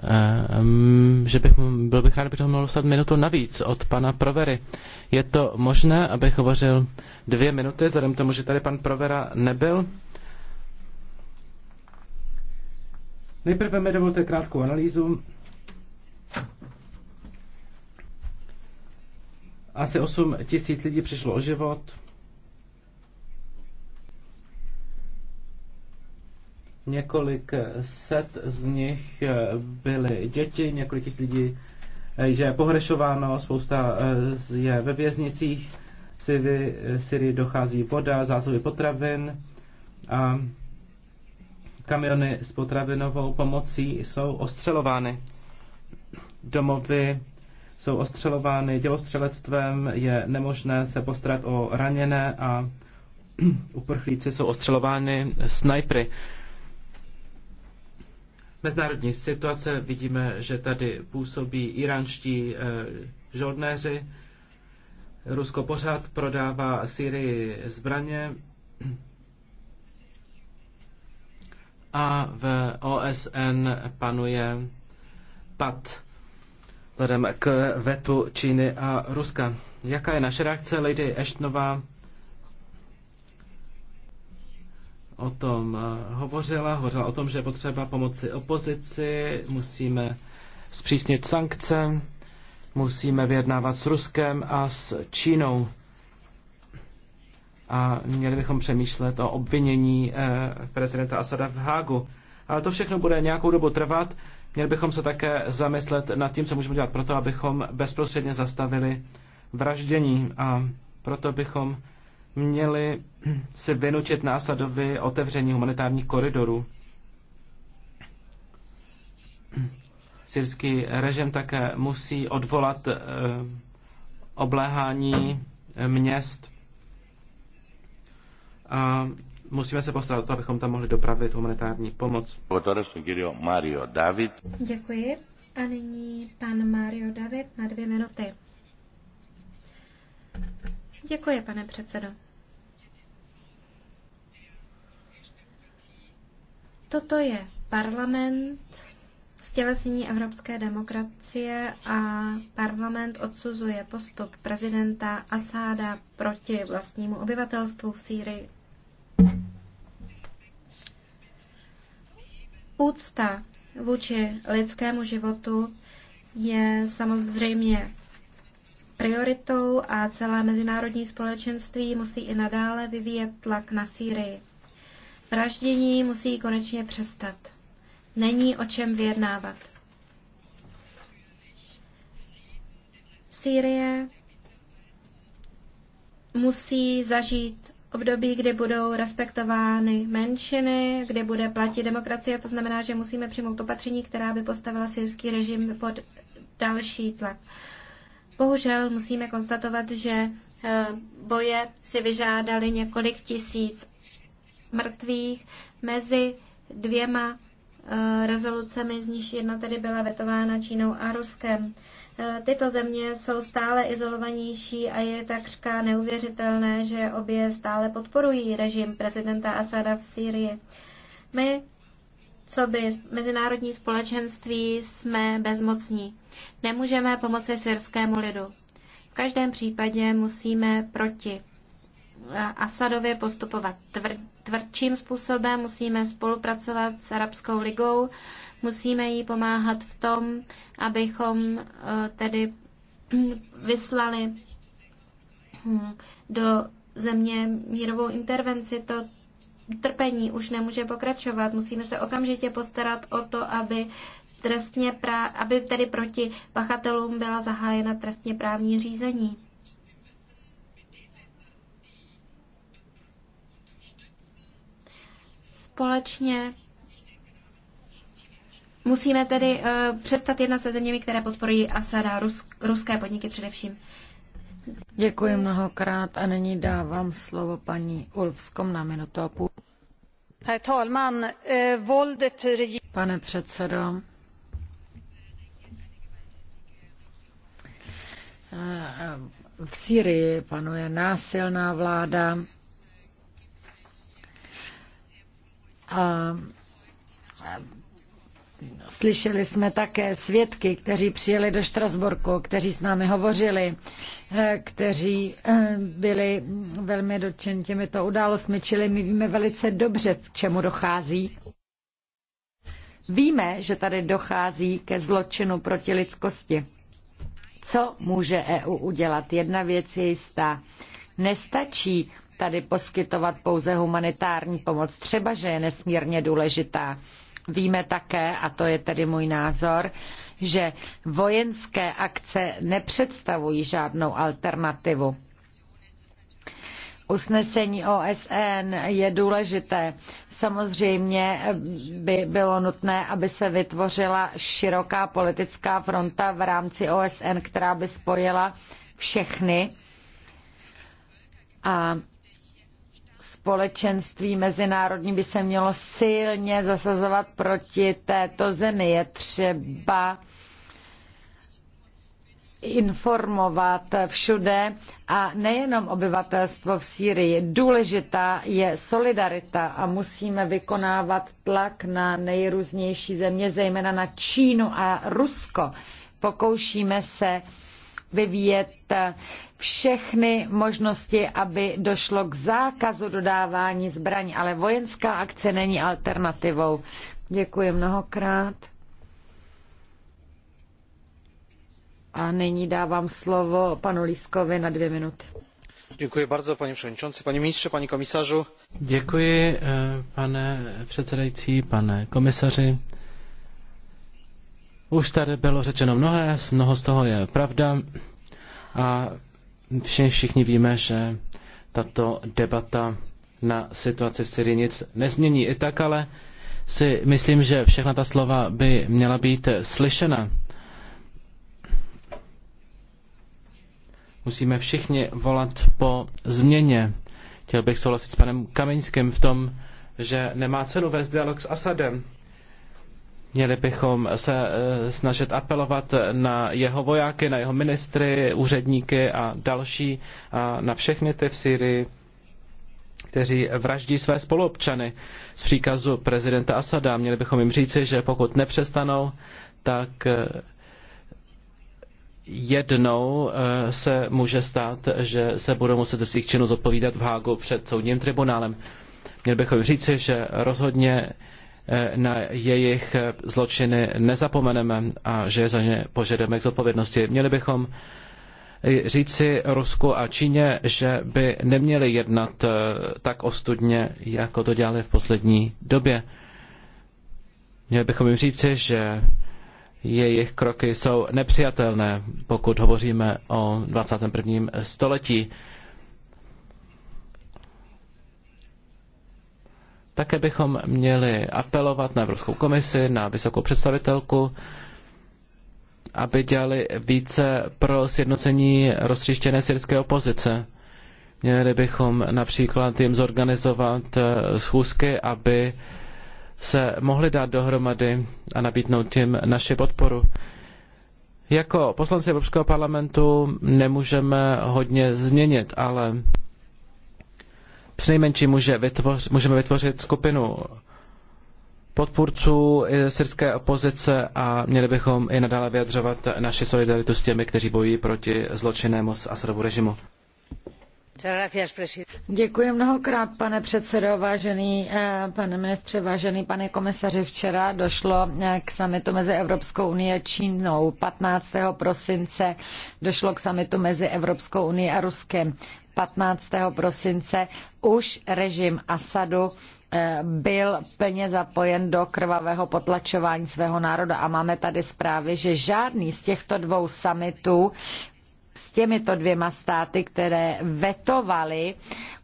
Eh, mm, že bych, byl bych rád, kdybychom mohl dostat minutu navíc od pana Provery. Je to možné, abych hovořil dvě minuty, vzhledem tomu, že tady pan Provera nebyl? Nejprve mi dovolte krátkou analýzu. Asi 8 tisíc lidí přišlo o život, Několik eh, set z nich eh, byly děti, několik tisíc lidí eh, že je pohrešováno, spousta je ve věznicích, v Syrii, v Syrii dochází voda, zásoby potravin a kamiony s potravinovou pomocí jsou ostřelovány. Domovy jsou ostřelovány dělostřelectvem, je nemožné se postarat o raněné a uprchlíci jsou ostřelovány snajpry mezinárodní situace. Vidíme, že tady působí iránští eh, žoldnéři. Rusko pořád prodává Syrii zbraně. A v OSN panuje pad vzhledem k vetu Číny a Ruska. Jaká je naše reakce, Lady Eštnová? o tom eh, hovořila, hovořila o tom, že je potřeba pomoci opozici, musíme zpřísnit sankce, musíme vyjednávat s Ruskem a s Čínou. A měli bychom přemýšlet o obvinění eh, prezidenta Asada v Hágu. Ale to všechno bude nějakou dobu trvat. Měli bychom se také zamyslet nad tím, co můžeme dělat proto, abychom bezprostředně zastavili vraždění. A proto bychom měli se vynučit následovy otevření humanitárních koridorů. Syrský režim také musí odvolat eh, obléhání měst a musíme se postarat o to, abychom tam mohli dopravit humanitární pomoc. Děkuji. A nyní pan Mario David na dvě minuty. Děkuji, pane předsedo. Toto je parlament stělesnění evropské demokracie a parlament odsuzuje postup prezidenta Asáda proti vlastnímu obyvatelstvu v Sýrii. Úcta vůči lidskému životu je samozřejmě prioritou a celé mezinárodní společenství musí i nadále vyvíjet tlak na Sýrii. Vraždění musí konečně přestat. Není o čem vyjednávat. Sýrie musí zažít období, kdy budou respektovány menšiny, kdy bude platit demokracie. To znamená, že musíme přijmout opatření, která by postavila syrský režim pod další tlak. Bohužel musíme konstatovat, že eh, boje si vyžádali několik tisíc mrtvých mezi dvěma eh, rezolucemi, z níž jedna tedy byla vetována Čínou a Ruskem. Eh, tyto země jsou stále izolovanější a je takřka neuvěřitelné, že obě stále podporují režim prezidenta Asada v Sýrii. My, co by mezinárodní společenství, jsme bezmocní. Nemůžeme pomoci syrskému lidu. V každém případě musíme proti eh, Asadovi postupovat tvr, tvrdším způsobem, musíme spolupracovat s Arabskou ligou, musíme jí pomáhat v tom, abychom eh, tedy vyslali hm, do země mírovou intervenci. To trpení už nemůže pokračovat. Musíme se okamžitě postarat o to, aby trestně prá- aby tedy proti pachatelům byla zahájena trestně právní řízení. Společně musíme tedy uh, přestat jednat se zeměmi, které podporují Asada, rus- ruské podniky především. Děkuji mnohokrát a nyní dávám slovo paní Ulfskom na minutu a půl. Eh, Pane předsedo, V Sýrii panuje násilná vláda a Slyšeli jsme také svědky, kteří přijeli do Štrasburku, kteří s námi hovořili, eh, kteří eh, byli velmi dotčeni těmito událostmi, čili my víme velice dobře, k čemu dochází. Víme, že tady dochází ke zločinu proti lidskosti. Co může EU udělat? Jedna věc je jistá. Nestačí tady poskytovat pouze humanitární pomoc, třeba že je nesmírně důležitá. Víme také, a to je tedy můj názor, že vojenské akce nepředstavují žádnou alternativu usnesení OSN je důležité. Samozřejmě by bylo nutné, aby se vytvořila široká politická fronta v rámci OSN, která by spojila všechny a společenství mezinárodní by se mělo silně zasazovat proti této zemi. Je třeba informovat všude a nejenom obyvatelstvo v Sýrii. Důležitá je solidarita a musíme vykonávat tlak na nejrůznější země, zejména na Čínu a Rusko. Pokoušíme se vyvíjet všechny možnosti, aby došlo k zákazu dodávání zbraní, ale vojenská akce není alternativou. Děkuji mnohokrát. A nyní dávám slovo panu Lískovi na dvě minuty. Děkuji bardzo, pane předsedající, pane ministře, paní komisařu. Děkuji, eh, pane předsedající, pane komisaři. Už tady bylo řečeno mnohé, mnoho z toho je pravda a všichni, všichni víme, že tato debata na situaci v Syrii nic nezmění. I tak ale si myslím, že všechna ta slova by měla být slyšena Musíme všichni volat po změně. Chtěl bych souhlasit s panem Kameňským v tom, že nemá cenu vést dialog s Asadem. Měli bychom se eh, snažit apelovat na jeho vojáky, na jeho ministry, úředníky a další, a na všechny ty v Syrii, kteří vraždí své spoluobčany z příkazu prezidenta Asada. Měli bychom jim říci, že pokud nepřestanou, tak eh, jednou eh, se může stát, že se budou muset ze svých činů zodpovídat v Hágu před soudním tribunálem. Měli bychom říci, že rozhodně eh, na jejich eh, zločiny nezapomeneme a že za ně požadujeme k zodpovědnosti. Měli bychom říci Rusku a Číně, že by neměli jednat tak ostudně, jako to dělali v poslední době. Měli bychom jim říci, že jejich kroky jsou nepřijatelné, pokud hovoříme o 21. století. Také bychom měli apelovat na Evropskou komisi, na vysokou představitelku, aby dělali více pro sjednocení roztříštěné syrské opozice. Měli bychom například jim zorganizovat eh, schůzky, aby se mohli dát dohromady a nabídnout jim naši podporu. Jako poslanci Evropského parlamentu nemůžeme hodně změnit, ale přinejmenším může vytvoř, můžeme vytvořit skupinu podpůrců syrské opozice a měli bychom i nadále vyjadřovat naši solidaritu s těmi, kteří bojují proti zločinnému Asadovu režimu. Děkuji mnohokrát, pane předsedající vážený eh, pane ministře, vážený pane komisaři. Včera došlo eh, k summitu mezi Evropskou unií a Čínou. 15. prosince došlo k summitu mezi Evropskou unií a Ruskem. 15. prosince už režim Asadu eh, byl plně zapojen do krvavého potlačování svého národa. A máme tady zprávy, že žádný z těchto dvou summitů s těmito dvěma státy, které vetovaly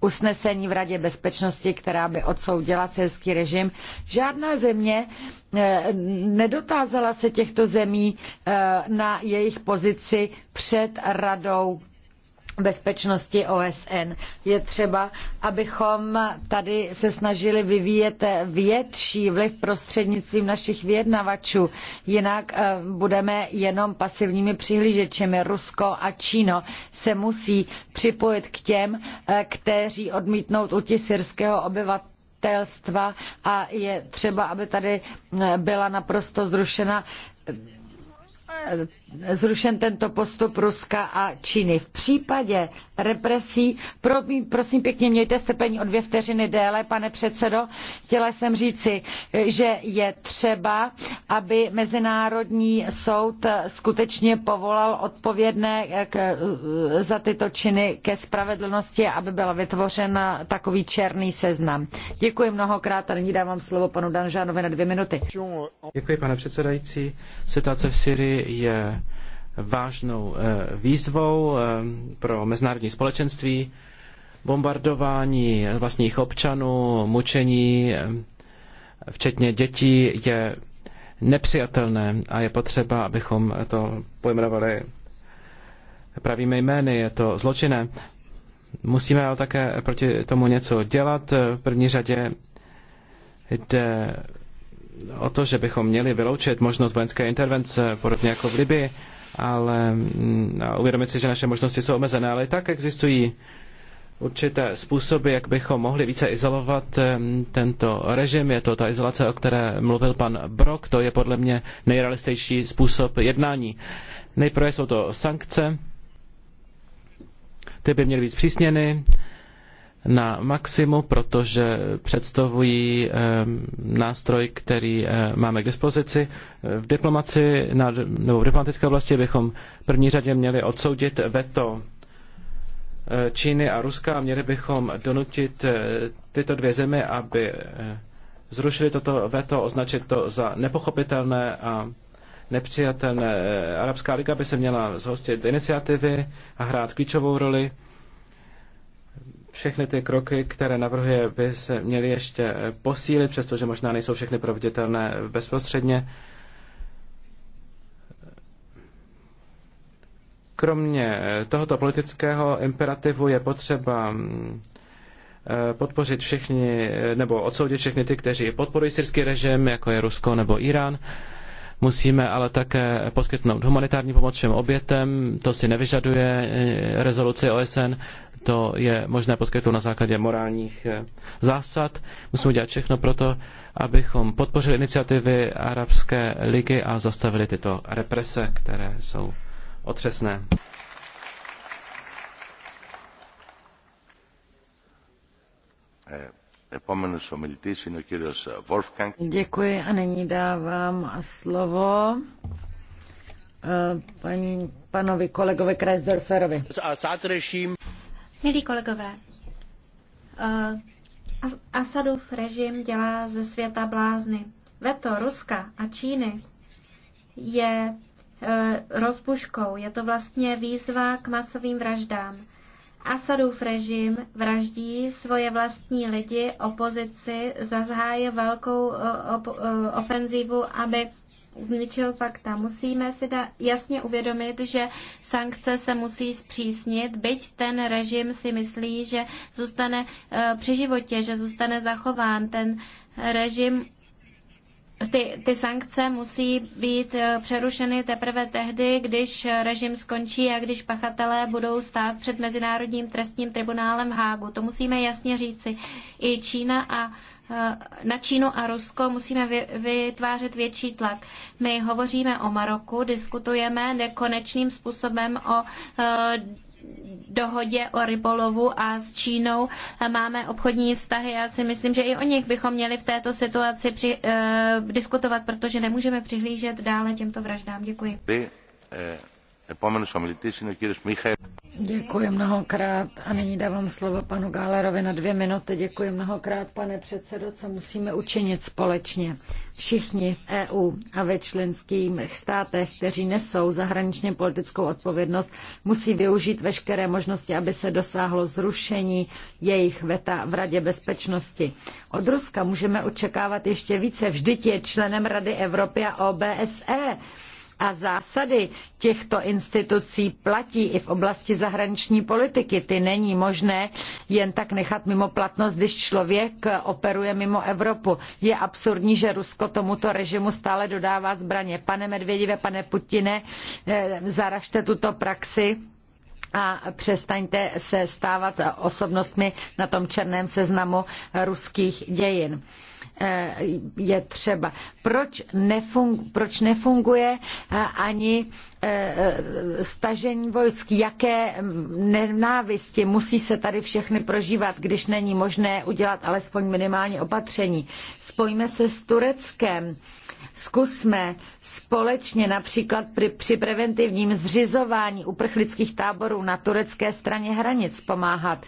usnesení v Radě bezpečnosti, která by odsoudila syrský režim. Žádná země eh, nedotázala se těchto zemí eh, na jejich pozici před Radou bezpečnosti OSN. Je třeba, abychom tady se snažili vyvíjet větší vliv prostřednictvím našich vyjednavačů. Jinak eh, budeme jenom pasivními přihlížečemi. Rusko a Číno se musí připojit k těm, eh, kteří odmítnou úti syrského obyvatelstva a je třeba, aby tady eh, byla naprosto zrušena Eh, zrušen tento postup Ruska a Číny. V případě represí, prosím pěkně, mějte strpení o dvě vteřiny déle, pane předsedo, chtěla jsem říci, eh, že je třeba, aby Mezinárodní soud eh, skutečně povolal odpovědné k, za tyto činy ke spravedlnosti, aby byl vytvořen takový černý seznam. Děkuji mnohokrát a nyní dávám slovo panu Danžánovi na dvě minuty. Děkuji, pane předsedající. Situace v Syrii je vážnou eh, výzvou eh, pro mezinárodní společenství. Bombardování vlastních občanů, mučení, eh, včetně dětí, je nepřijatelné a je potřeba, abychom to pojmenovali pravými jmény. Je to zločiné. Musíme ale také proti tomu něco dělat. V první řadě jde o to, že bychom měli vyloučit možnost vojenské intervence, podobně jako v Libii, ale mm, a uvědomit si, že naše možnosti jsou omezené, ale i tak existují určité způsoby, jak bychom mohli více izolovat mm, tento režim. Je to ta izolace, o které mluvil pan Brok, to je podle mě nejrealistější způsob jednání. Nejprve jsou to sankce, ty by měly být zpřísněny, na maximum, protože představují nástroj, který máme k dispozici. V diplomaci nebo v diplomatické oblasti bychom v první řadě měli odsoudit veto eh, Číny a Ruska a měli bychom donutit eh, tyto dvě země, aby eh, zrušili toto veto, označit to za nepochopitelné a nepřijatelné. Arabská liga by se měla zhostit iniciativy a hrát klíčovou roli všechny ty kroky, které navrhuje, by se měly ještě eh, posílit, přestože možná nejsou všechny proveditelné bezprostředně. Kromě eh, tohoto politického imperativu je potřeba mm, eh, podpořit všechny, nebo odsoudit všechny ty, kteří podporují syrský režim, jako je Rusko nebo Irán. Musíme ale také poskytnout humanitární pomoc všem obětem, to si nevyžaduje eh, rezoluce OSN, to je možné poskytnout na základě morálních eh, zásad. Musíme udělat všechno pro to, abychom podpořili iniciativy Arabské ligy a zastavili tyto represe, které jsou otřesné. Eh. Děkuji a nyní dávám slovo eh, paní, panovi kolegovi Kreisdorferovi. Milí kolegové, eh, Asadův režim dělá ze světa blázny. Veto Ruska a Číny je eh, rozbuškou, je to vlastně výzva k masovým vraždám. Asadův režim vraždí svoje vlastní lidi, opozici, zaháje velkou eh, eh, ofenzívu, aby zničil fakta. Musíme si da- jasně uvědomit, že sankce se musí zpřísnit, byť ten režim si myslí, že zůstane eh, při životě, že zůstane zachován. Ten režim ty, ty sankce musí být eh, přerušeny teprve tehdy, když režim skončí a když pachatelé budou stát před Mezinárodním trestním tribunálem v Hágu. To musíme jasně říci. I Čína a eh, na Čínu a Rusko musíme vytvářet větší tlak. My hovoříme o Maroku, diskutujeme nekonečným způsobem o eh, dohodě o rybolovu a s Čínou máme obchodní vztahy. Já si myslím, že i o nich bychom měli v této situaci při, eh, diskutovat, protože nemůžeme přihlížet dále těmto vraždám. Děkuji. Vy, eh... Děkuji mnohokrát a nyní dávám slovo panu Gálerovi na dvě minuty. Děkuji mnohokrát, pane předsedo, co musíme učinit společně. Všichni v EU a ve členských státech, kteří nesou zahraničně politickou odpovědnost, musí využít veškeré možnosti, aby se dosáhlo zrušení jejich veta v Radě bezpečnosti. Od Ruska můžeme očekávat ještě více. Vždyť je členem Rady Evropy a OBSE a zásady těchto institucí platí i v oblasti zahraniční politiky. Ty není možné jen tak nechat mimo platnost, když člověk operuje mimo Evropu. Je absurdní, že Rusko tomuto režimu stále dodává zbraně. Pane Medvěděve, pane Putine, eh, zaražte tuto praxi a přestaňte se stávat osobnostmi na tom černém seznamu ruských dějin. Eh, je třeba. Proč, nefung, proč nefunguje eh, ani eh, stažení vojsk, jaké nenávisti musí se tady všechny prožívat, když není možné udělat alespoň minimální opatření. Spojíme se s Tureckem zkusme společně například při, při preventivním zřizování uprchlických táborů na turecké straně hranic pomáhat.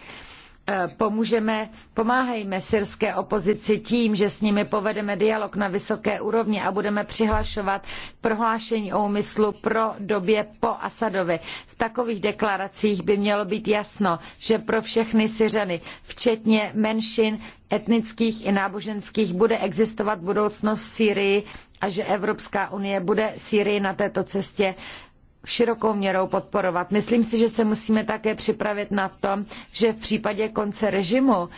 Eh, pomůžeme, pomáhejme syrské opozici tím, že s nimi povedeme dialog na vysoké úrovni a budeme přihlašovat prohlášení o úmyslu pro době po Asadovi. V takových deklaracích by mělo být jasno, že pro všechny Syřany, včetně menšin etnických i náboženských, bude existovat budoucnost v Sýrii a že Evropská unie bude Sýrii na této cestě širokou měrou podporovat. Myslím si, že se musíme také připravit na to, že v případě konce režimu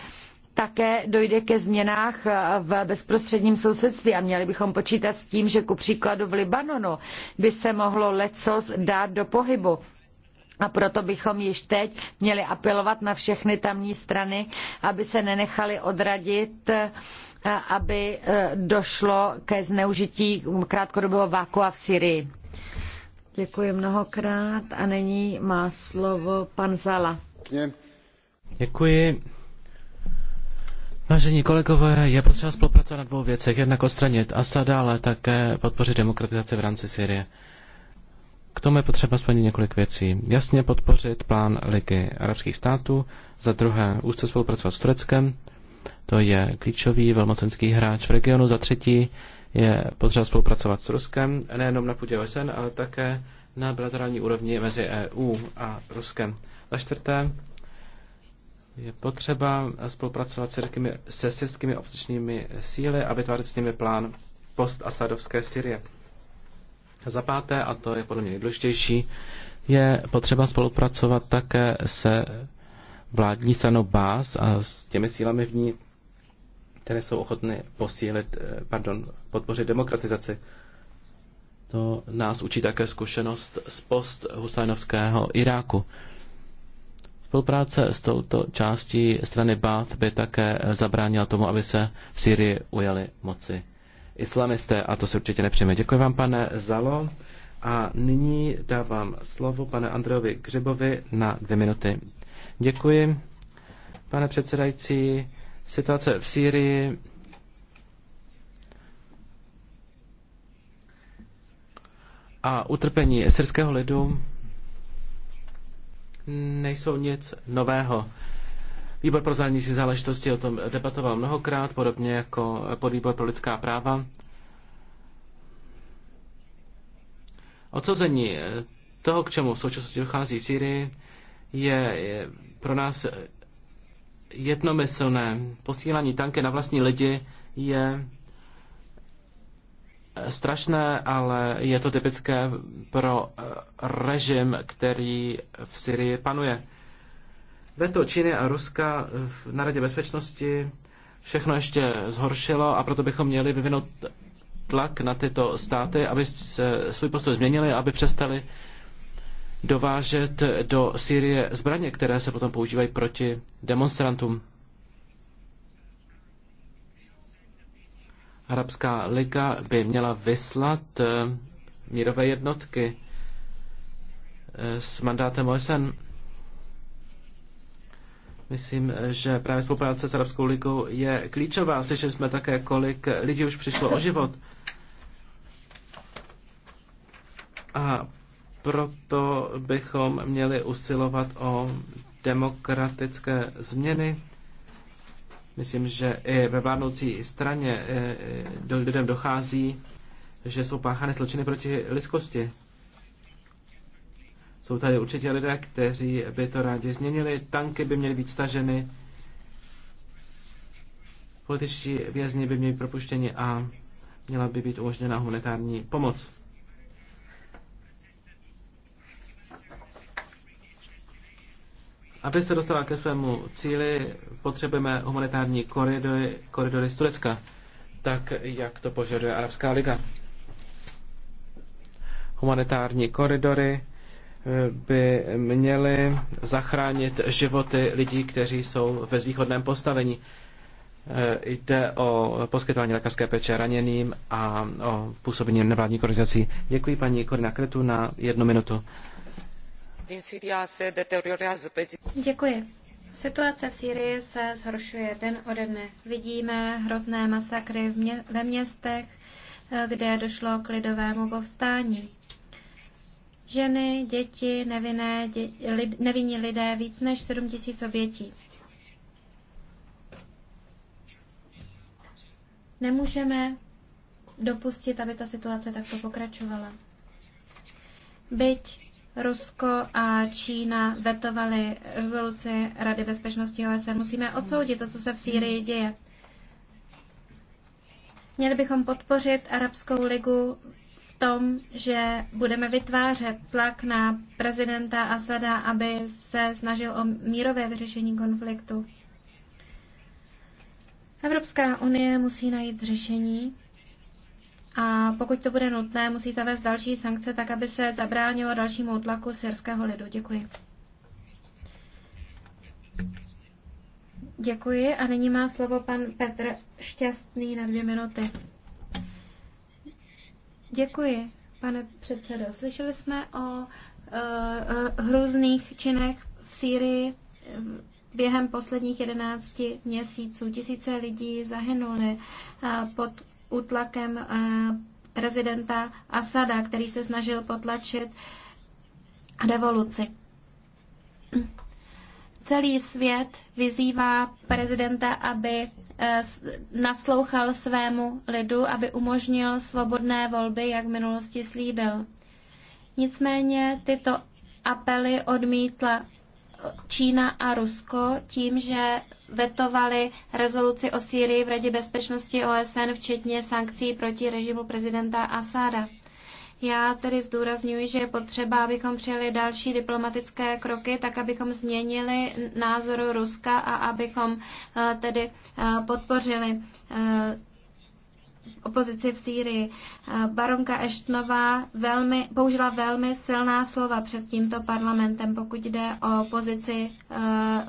také dojde ke změnách v bezprostředním sousedství a měli bychom počítat s tím, že ku příkladu v Libanonu by se mohlo lecos dát do pohybu. A proto bychom již teď měli apelovat na všechny tamní strany, aby se nenechali odradit, aby eh, došlo ke zneužití krátkodobého vákua v Syrii. Děkuji mnohokrát a nyní má slovo pan Zala. Děkuji. Vážení kolegové, je potřeba spolupracovat na dvou věcech. Jednak odstranit Asada, ale také podpořit demokratizaci v rámci Syrie. K tomu je potřeba splnit několik věcí. Jasně podpořit plán Ligy arabských států, za druhé úzce spolupracovat s Tureckem, to je klíčový velmocenský hráč v regionu, za třetí je potřeba spolupracovat s Ruskem, nejenom na půdě OSN, ale také na bilaterální úrovni mezi EU a Ruskem. Za čtvrté, je potřeba spolupracovat s rykými, se syrskými opozičními síly a vytvářet s nimi plán post-asadovské Syrie. Za páté, a to je podle mě nejdůležitější, je potřeba spolupracovat také se vládní stranou BAS a s těmi sílami v ní, které jsou ochotny posílit, eh, pardon, podpořit demokratizaci. To nás učí také zkušenost z post husajnovského Iráku. Spolupráce s touto částí strany Baath by také eh, zabránila tomu, aby se v Syrii ujali moci islamisté a to se určitě nepřejeme. Děkuji vám, pane Zalo. A nyní dávám slovo pane Andrejovi Gřibovi na dvě minuty. Děkuji, pane předsedající. Situace v Sýrii a utrpení syrského lidu nejsou nic nového. Výbor pro zahraniční záležitosti o tom debatoval mnohokrát, podobně jako podvýbor pro lidská práva. Odsouzení toho, k čemu v současnosti dochází v Syrii, je pro nás jednomyslné. Posílání tanky na vlastní lidi je strašné, ale je to typické pro eh, režim, který v Syrii panuje. Veto Číny a Ruska na Radě bezpečnosti všechno ještě zhoršilo a proto bychom měli vyvinout tlak na tyto státy, aby se svůj postoj změnili, aby přestali dovážet do Sýrie zbraně, které se potom používají proti demonstrantům. Arabská liga by měla vyslat eh, mírové jednotky eh, s mandátem OSN. Myslím, že právě spolupráce s Arabskou ligou je klíčová. Slyšeli jsme také, kolik lidí už přišlo o život. A proto bychom měli usilovat o demokratické změny. Myslím, že i ve vládnoucí straně e, e, do lidem dochází, že jsou páchány zločiny proti lidskosti. Jsou tady určitě lidé, kteří by to rádi změnili. Tanky by měly být staženy, političtí vězni by měli propuštěni a měla by být umožněna humanitární pomoc. Aby se dostala ke svému cíli, potřebujeme humanitární koridory, koridory z Turecka, tak jak to požaduje Arabská liga. Humanitární koridory eh, by měly zachránit životy lidí, kteří jsou ve zvýchodném postavení. Eh, jde o poskytování lékařské péče raněným a o působení nevládních organizací. Děkuji paní Korina Kretu na jednu minutu se Situace v Sýrii se zhoršuje den ode dne. Vidíme hrozné masakry ve městech, eh, kde došlo k lidovému povstání. Ženy, děti, nevinné, dě, lid, nevinní lidé, víc než 7 tisíc obětí. Nemůžeme dopustit, aby ta situace takto pokračovala. Byť Rusko a Čína vetovali rezoluci Rady bezpečnosti OSN. Musíme odsoudit to, co se v Sýrii děje. Měli bychom podpořit Arabskou ligu v tom, že budeme vytvářet tlak na prezidenta Asada, aby se snažil o mírové vyřešení konfliktu. Evropská unie musí najít řešení, a pokud to bude nutné, musí zavést další sankce, tak aby se zabránilo dalšímu tlaku syrského lidu. Děkuji. Děkuji a nyní má slovo pan Petr Šťastný na dvě minuty. Děkuji, pane předsedo. Slyšeli jsme o uh, uh, hrůzných činech v Sýrii během posledních jedenácti měsíců. Tisíce lidí zahynuly e, pod útlakem eh, prezidenta Asada, který se snažil potlačit revoluci. Celý svět vyzývá prezidenta, aby eh, naslouchal svému lidu, aby umožnil svobodné volby, jak v minulosti slíbil. Nicméně tyto apely odmítla Čína a Rusko tím, že vetovali rezoluci o Sýrii v Radě bezpečnosti OSN, včetně sankcí proti režimu prezidenta Asáda. Já tedy zdůrazňuji, že je potřeba, abychom přijeli další diplomatické kroky, tak abychom změnili názoru Ruska a abychom eh, tedy eh, podpořili eh, opozici v Sýrii. Baronka Eštnová velmi, použila velmi silná slova před tímto parlamentem, pokud jde o pozici e,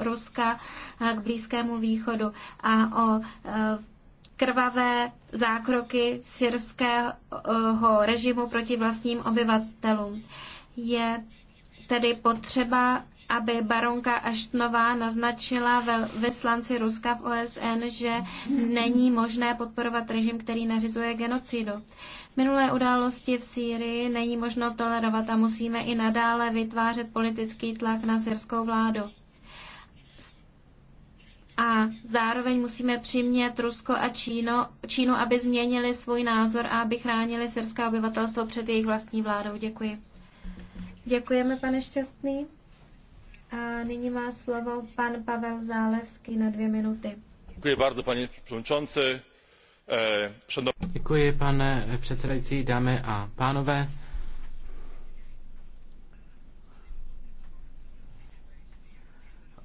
Ruska e, k Blízkému východu a o e, krvavé zákroky syrského režimu proti vlastním obyvatelům. Je tedy potřeba aby baronka Aštnová naznačila ve vyslanci Ruska v OSN, že není možné podporovat režim, který nařizuje genocidu. Minulé události v Sýrii není možno tolerovat a musíme i nadále vytvářet politický tlak na syrskou vládu. A zároveň musíme přimět Rusko a Číno, Čínu, aby změnili svůj názor a aby chránili syrské obyvatelstvo před jejich vlastní vládou. Děkuji. Děkujeme, pane Šťastný. A nyní má slovo pan Pavel Zálevský na dvě minuty. Děkuji bardzo, pane předsedající. Eh, Děkuji, pane předsedající, dámy a pánové.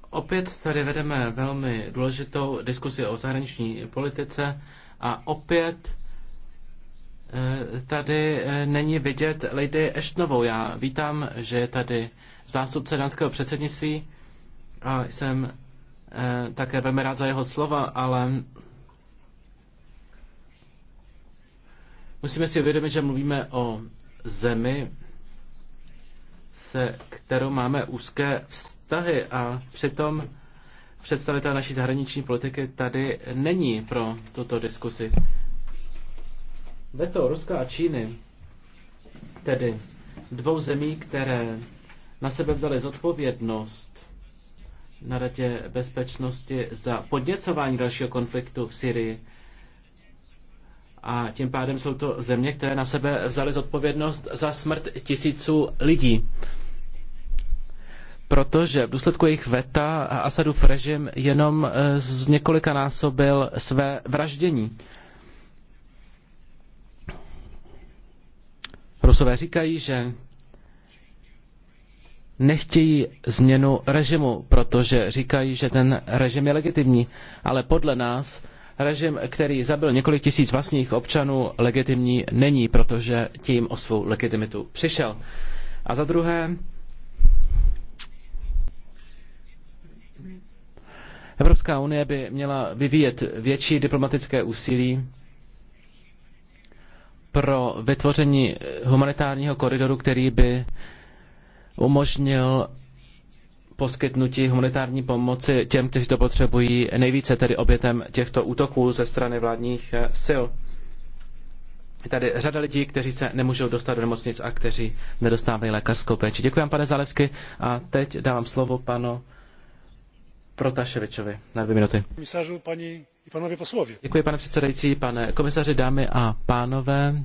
Opět tady vedeme velmi důležitou diskusi o zahraniční politice a opět eh, tady eh, není vidět Lady Eštnovou. Já vítám, že je tady zástupce dánského předsednictví a jsem eh, také velmi rád za jeho slova, ale musíme si uvědomit, že mluvíme o zemi, se kterou máme úzké vztahy a přitom představitel naší zahraniční politiky tady není pro tuto diskusi. Veto Ruska a Číny, tedy dvou zemí, které na sebe vzali zodpovědnost na Radě bezpečnosti za podněcování dalšího konfliktu v Syrii. A tím pádem jsou to země, které na sebe vzali zodpovědnost za smrt tisíců lidí. Protože v důsledku jejich veta Asadův režim jenom eh, z několika násobil své vraždění. Rusové říkají, že nechtějí změnu režimu, protože říkají, že ten režim je legitimní. Ale podle nás režim, který zabil několik tisíc vlastních občanů, legitimní není, protože tím o svou legitimitu přišel. A za druhé, Evropská unie by měla vyvíjet větší diplomatické úsilí pro vytvoření humanitárního koridoru, který by umožnil poskytnutí humanitární pomoci těm, kteří to potřebují nejvíce, tedy obětem těchto útoků ze strany vládních eh, sil. Je tady řada lidí, kteří se nemůžou dostat do nemocnic a kteří nedostávají lékařskou péči. Děkuji vám, pane Zálevsky, a teď dávám slovo panu Protaševičovi na dvě minuty. Komisařu, paní i panově poslově. Děkuji, pane předsedající, pane komisaři, dámy a pánové.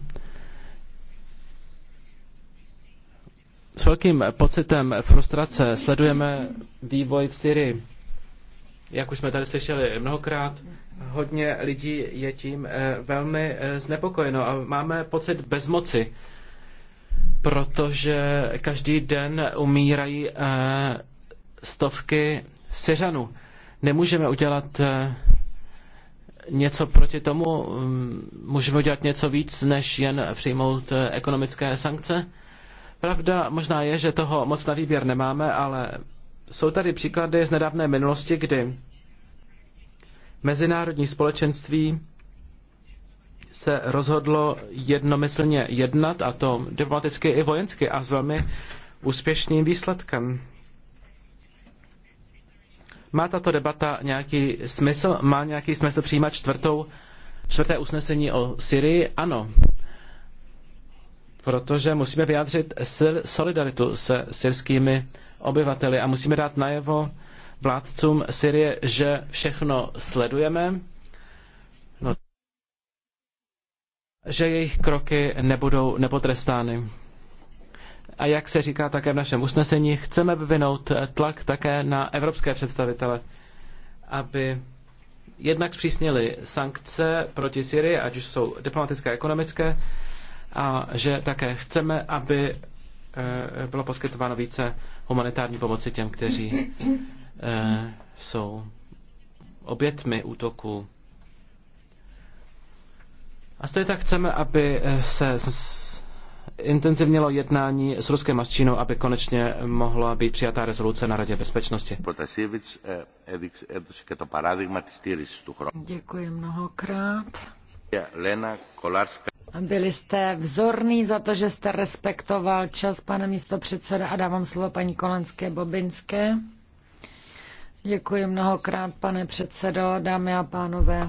s velkým pocitem frustrace sledujeme vývoj v Syrii. Jak už jsme tady slyšeli mnohokrát, hodně lidí je tím eh, velmi eh, znepokojeno a máme pocit bezmoci, protože každý den umírají eh, stovky Syřanů. Nemůžeme udělat něco proti tomu, mm, můžeme udělat něco víc, než jen přijmout ekonomické sankce. Pravda možná je, že toho moc na výběr nemáme, ale jsou tady příklady z nedávné minulosti, kdy mezinárodní společenství se rozhodlo jednomyslně jednat, a to diplomaticky i vojensky, a s velmi úspěšným výsledkem. Má tato debata nějaký smysl? Má nějaký smysl přijímat čtvrtou, čtvrté usnesení o Syrii? Ano protože musíme vyjádřit solidaritu se syrskými obyvateli a musíme dát najevo vládcům Syrie, že všechno sledujeme, no, že jejich kroky nebudou nepotrestány. A jak se říká také v našem usnesení, chceme vyvinout tlak také na evropské představitele, aby jednak zpřísnili sankce proti Syrii, ať už jsou diplomatické a ekonomické, a že také chceme, aby eh, bylo poskytováno více humanitární pomoci těm, kteří eh, jsou obětmi útoku. A stejně tak chceme, aby se intenzivnělo jednání s Ruskem a s Čínou, aby konečně mohla být přijatá rezoluce na Radě bezpečnosti. Eh, Děkuji mnohokrát. Lena Kolarska. Byli jste vzorný za to, že jste respektoval čas, pane místo předseda, a dávám slovo paní Kolenské Bobinské. Děkuji mnohokrát, pane předsedo, dámy a pánové.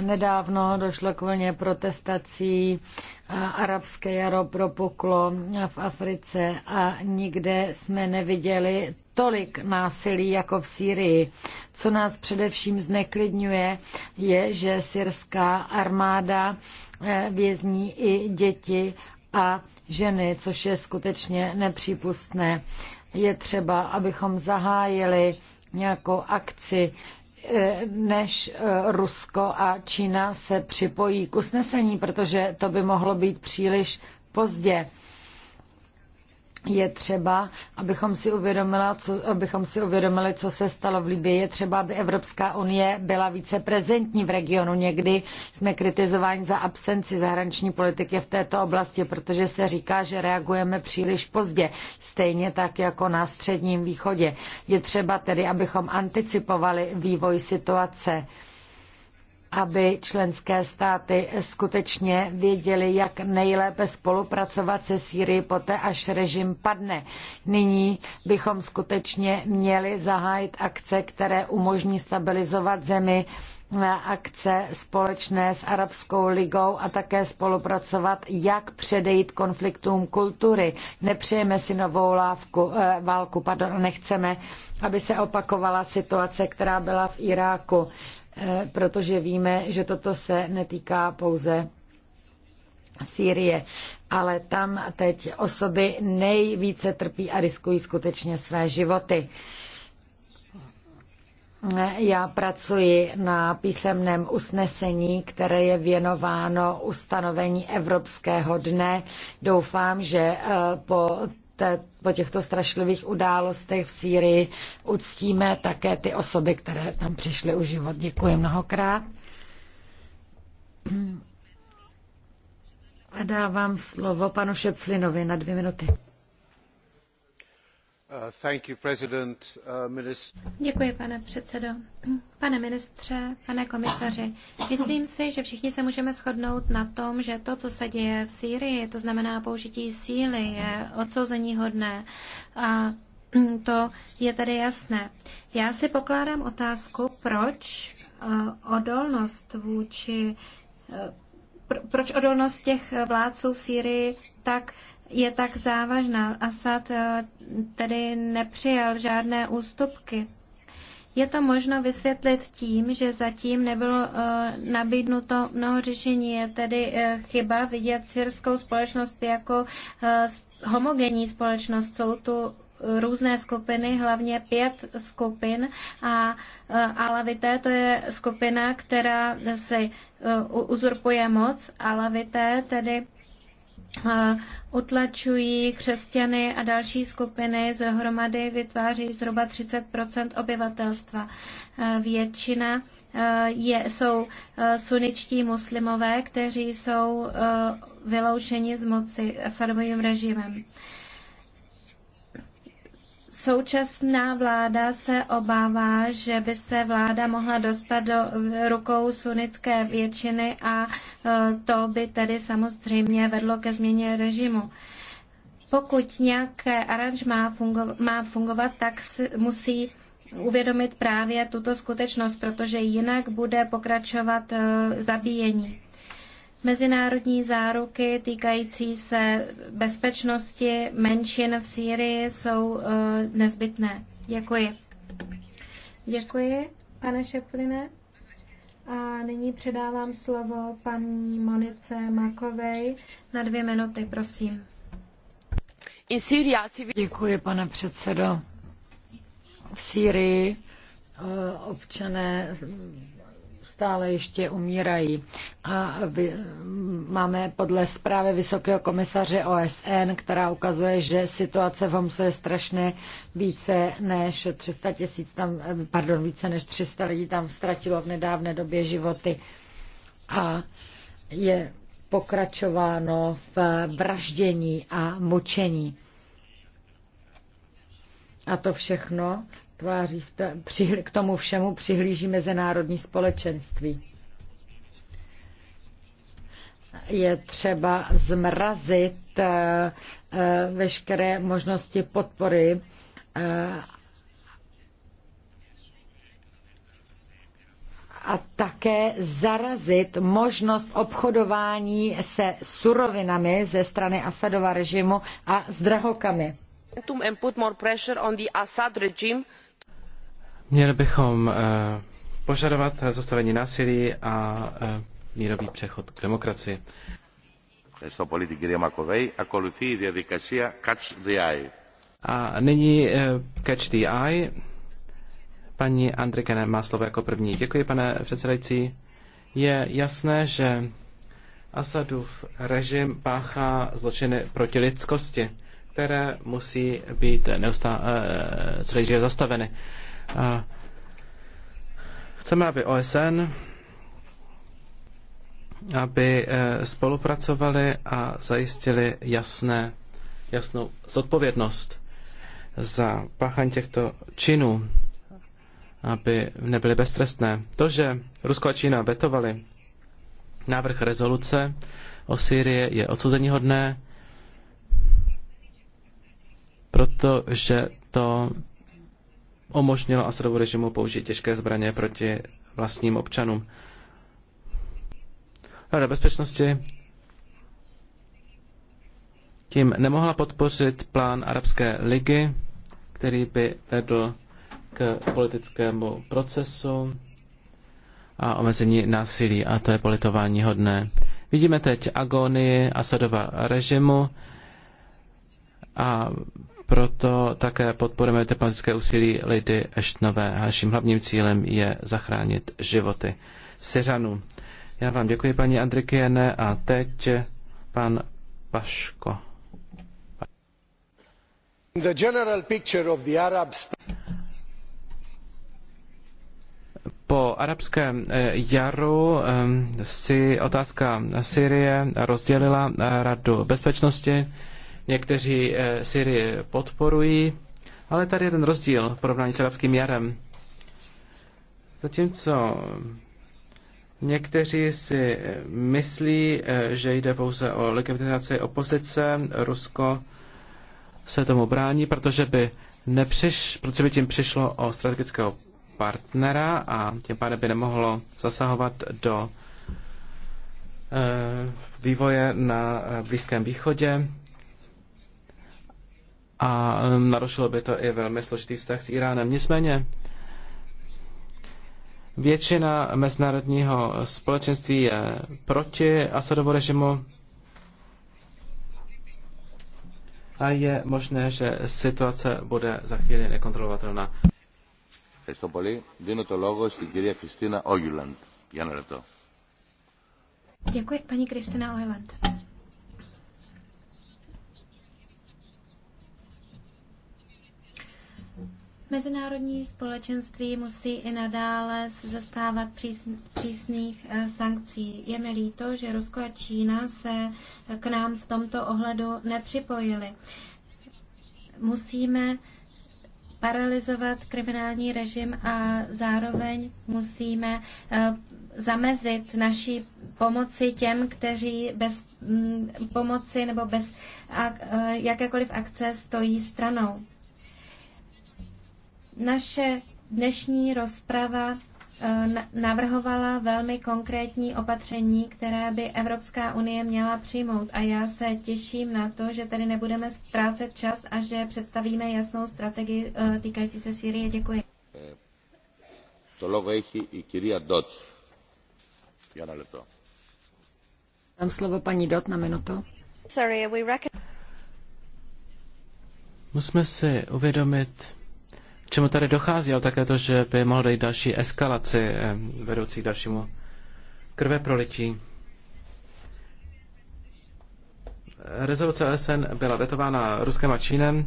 Nedávno došlo k vlně protestací, a arabské jaro propuklo v Africe a nikde jsme neviděli tolik násilí jako v Sýrii. Co nás především zneklidňuje, je, že syrská armáda Eh, vězní i děti a ženy, což je skutečně nepřípustné. Je třeba, abychom zahájili nějakou akci, eh, než eh, Rusko a Čína se připojí k usnesení, protože to by mohlo být příliš pozdě je třeba, abychom si, uvědomila, co, abychom si uvědomili, co se stalo v Libii. Je třeba, aby Evropská unie byla více prezentní v regionu. Někdy jsme kritizováni za absenci zahraniční politiky v této oblasti, protože se říká, že reagujeme příliš pozdě, stejně tak jako na středním východě. Je třeba tedy, abychom anticipovali vývoj situace aby členské státy skutečně věděly, jak nejlépe spolupracovat se Sýrií poté, až režim padne. Nyní bychom skutečně měli zahájit akce, které umožní stabilizovat zemi, akce společné s Arabskou ligou a také spolupracovat, jak předejít konfliktům kultury. Nepřejeme si novou lávku, eh, válku, pardon, nechceme, aby se opakovala situace, která byla v Iráku. Eh, protože víme, že toto se netýká pouze Sýrie, ale tam teď osoby nejvíce trpí a riskují skutečně své životy. Eh, já pracuji na písemném usnesení, které je věnováno ustanovení Evropského dne. Doufám, že eh, po té, po těchto strašlivých událostech v Sýrii uctíme také ty osoby, které tam přišly u život. Děkuji mnohokrát. A dávám slovo panu Šepflinovi na dvě minuty. Uh, Děkuji, pane předsedající Pane ministře, pane komisaři, myslím si, že všichni se můžeme shodnout na tom, že to, co se děje v Sýrii, to znamená použití síly, je odsouzeníhodné A to je tedy jasné. Já si pokládám otázku, proč uh, odolnost vůči, uh, proč odolnost těch vládců v Sýrii tak je tak závažná. Asad eh, tedy nepřijal žádné ústupky. Je to možno vysvětlit tím, že zatím nebylo eh, nabídnuto mnoho řešení. Je tedy eh, chyba vidět syrskou společnost jako homogenní společnost. Jsou tu různé skupiny, hlavně pět skupin a Alavité to je skupina, která si uzurpuje moc. Alavité tedy utlačují křesťany a další skupiny zhromady, vytváří zhruba 30 obyvatelstva. Většina e, je, jsou e, suničtí muslimové, kteří jsou e, vyloučeni z moci sadovým režimem. Současná vláda se obává, že by se vláda mohla dostat do rukou sunnické většiny a e, to by tedy samozřejmě vedlo ke změně režimu pokud nějaké aranž má, fungo- má fungovat, tak si musí uvědomit právě tuto skutečnost, protože jinak bude pokračovat e, zabíjení mezinárodní záruky týkající se bezpečnosti menšin v Sýrii jsou eh, nezbytné. Děkuji. Děkuji, pane Šepline. A nyní předávám slovo paní Monice Makovej na dvě minuty, prosím. Děkuji, pane předsedo. V Sýrii eh, občané stále ještě umírají. A vy, máme podle zprávy Vysokého komisaře OSN, která ukazuje, že situace v Homsu je strašné. Více než 300 tisíc tam, pardon, více než 300 lidí tam ztratilo v nedávné době životy. A je pokračováno v vraždění a mučení. A to všechno vytváří, k tomu všemu přihlíží mezinárodní společenství. Je třeba zmrazit eh, eh, veškeré možnosti podpory eh, a také zarazit možnost obchodování se surovinami ze strany Asadova režimu a s drahokami. Měli bychom eh, požadovat zastavení násilí a eh, mírový přechod k demokracii. A nyní eh, Catch the Eye. Paní Andrikene má slovo jako první. Děkuji, pane předsedající. Je jasné, že Asadův režim páchá zločiny proti lidskosti, které musí být neustále zastaveny chceme, aby OSN aby eh, spolupracovali a zajistili jasné, jasnou zodpovědnost za páchání těchto činů, aby nebyly beztrestné. To, že Rusko a Čína vetovali návrh rezoluce o Sýrii, je odsuzení protože to umožnilo Asadovu režimu použít těžké zbraně proti vlastním občanům. Rada bezpečnosti tím nemohla podpořit plán Arabské ligy, který by vedl k politickému procesu a omezení násilí, a to je politování hodné. Vidíme teď agonii Asadova režimu a proto také podporujeme diplomatické úsilí Lady Ashtonové. Naším hlavním cílem je zachránit životy Syřanů. Já vám děkuji, paní Andrikiene, a teď pan Paško. The general picture of the Arab po arabském eh, jaru eh, si otázka Syrie rozdělila eh, Radu bezpečnosti. Někteří eh, Syrii podporují, ale tady je ten rozdíl v porovnání s arabským jarem. Zatímco někteří si eh, myslí, eh, že jde pouze o legitimizaci opozice, Rusko se tomu brání, protože by, nepřiš, protože by tím přišlo o strategického partnera a tím pádem by nemohlo zasahovat do vývoje na Blízkém východě a ehm, narušilo by to i velmi složitý vztah s Iránem. Nicméně většina mezinárodního společenství je proti Asadovu režimu a je možné, že situace bude za chvíli nekontrolovatelná. Ευχαριστώ πολύ. Δίνω το λόγο στην κυρία Κριστίνα Όγιουλαντ. Για ένα Děkuji, paní Kristina Ojland. Mezinárodní společenství musí i nadále zastávat přísných eh, sankcí. Je mi líto, že Rusko a Čína se k nám v tomto ohledu nepřipojili. Musíme paralizovat kriminální režim a zároveň musíme eh, zamezit naší pomoci těm, kteří bez mm, pomoci nebo bez eh, jakékoliv akce stojí stranou. Naše dnešní rozprava eh, navrhovala velmi konkrétní opatření, které by Evropská unie měla přijmout. A já se těším na to, že tady nebudeme ztrácet čas a že představíme jasnou strategii eh, týkající se Sýrie. Děkuji. Eh, to logo έχει η κυρία Dodds. Για ένα Dám slovo paní Dot na minutu. Musíme si uvědomit, čemu tady dochází, ale také to, že by mohlo dojít další eskalaci eh, vedoucí k dalšímu krve prolití. Rezoluce OSN byla vetována Ruskem a Čínem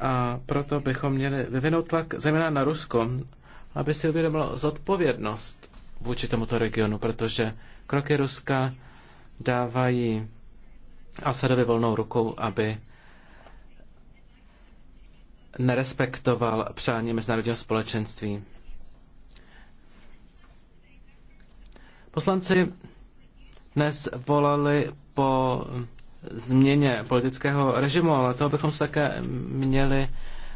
a proto bychom měli vyvinout tlak zejména na Rusko, aby si uvědomilo zodpovědnost vůči tomuto regionu, protože kroky Ruska dávají Asadovi volnou rukou, aby nerespektoval přání mezinárodního společenství. Poslanci dnes volali po změně politického režimu, ale toho bychom se také měli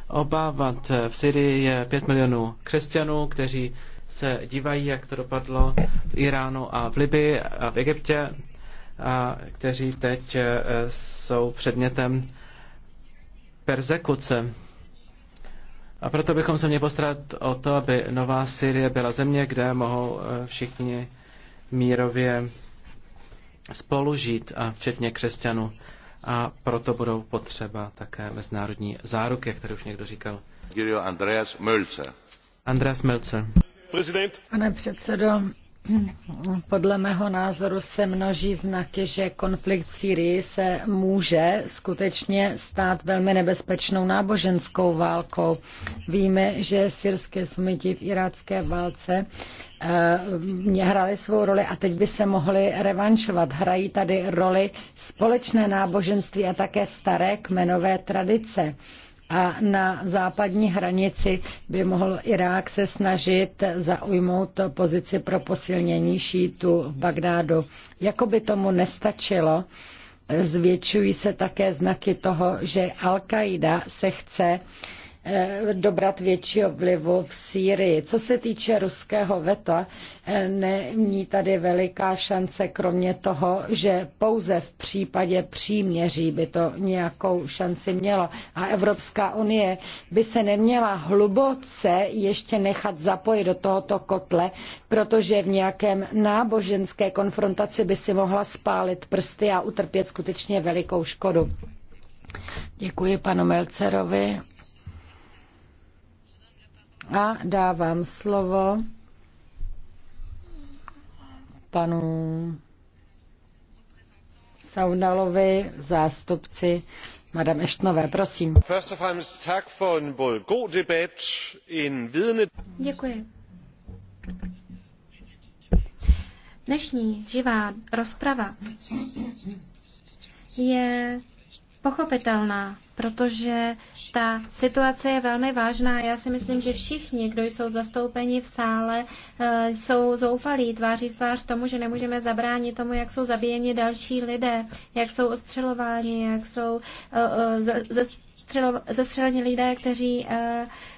obávat. V Syrii je 5 milionů křesťanů, kteří se dívají, jak to dopadlo v Iránu a v Libii a v Egyptě, a kteří teď eh, jsou předmětem persekuce. A proto bychom se měli postarat o to, aby Nová Syrie byla země, kde mohou eh, všichni mírově spolužít, a včetně křesťanů. A proto budou potřeba také mezinárodní záruky, jak tady už někdo říkal. Andreas Mölce. Andreas Mölce. Pane předsedo, podle mého názoru se množí znaky, že konflikt v Syrii se může skutečně stát velmi nebezpečnou náboženskou válkou. Víme, že syrské sumiti v irácké válce eh, hrali svou roli a teď by se mohli revanšovat. Hrají tady roli společné náboženství a také staré kmenové tradice a na západní hranici by mohl Irák se snažit zaujmout pozici pro posilnění šítu v Bagdádu. Jako by tomu nestačilo, zvětšují se také znaky toho, že Al-Qaida se chce Eh, dobrat většího vlivu v Sýrii. Co se týče ruského veta, eh, není tady veliká šance, kromě toho, že pouze v případě příměří by to nějakou šanci mělo. A Evropská unie by se neměla hluboce ještě nechat zapojit do tohoto kotle, protože v nějakém náboženské konfrontaci by si mohla spálit prsty a utrpět skutečně velikou škodu. Děkuji panu Melcerovi. A dávám slovo panu Saunalovi, zástupci Madame Eštnové, prosím. Děkuji. Dnešní živá rozprava je pochopitelná protože ta situace je velmi vážná. Já si myslím, že všichni, kdo jsou zastoupeni v sále, eh, jsou zoufalí tváří v tvář tomu, že nemůžeme zabránit tomu, jak jsou zabíjeni další lidé, jak jsou ostřelováni, jak jsou eh, eh, zastřeleni lidé, kteří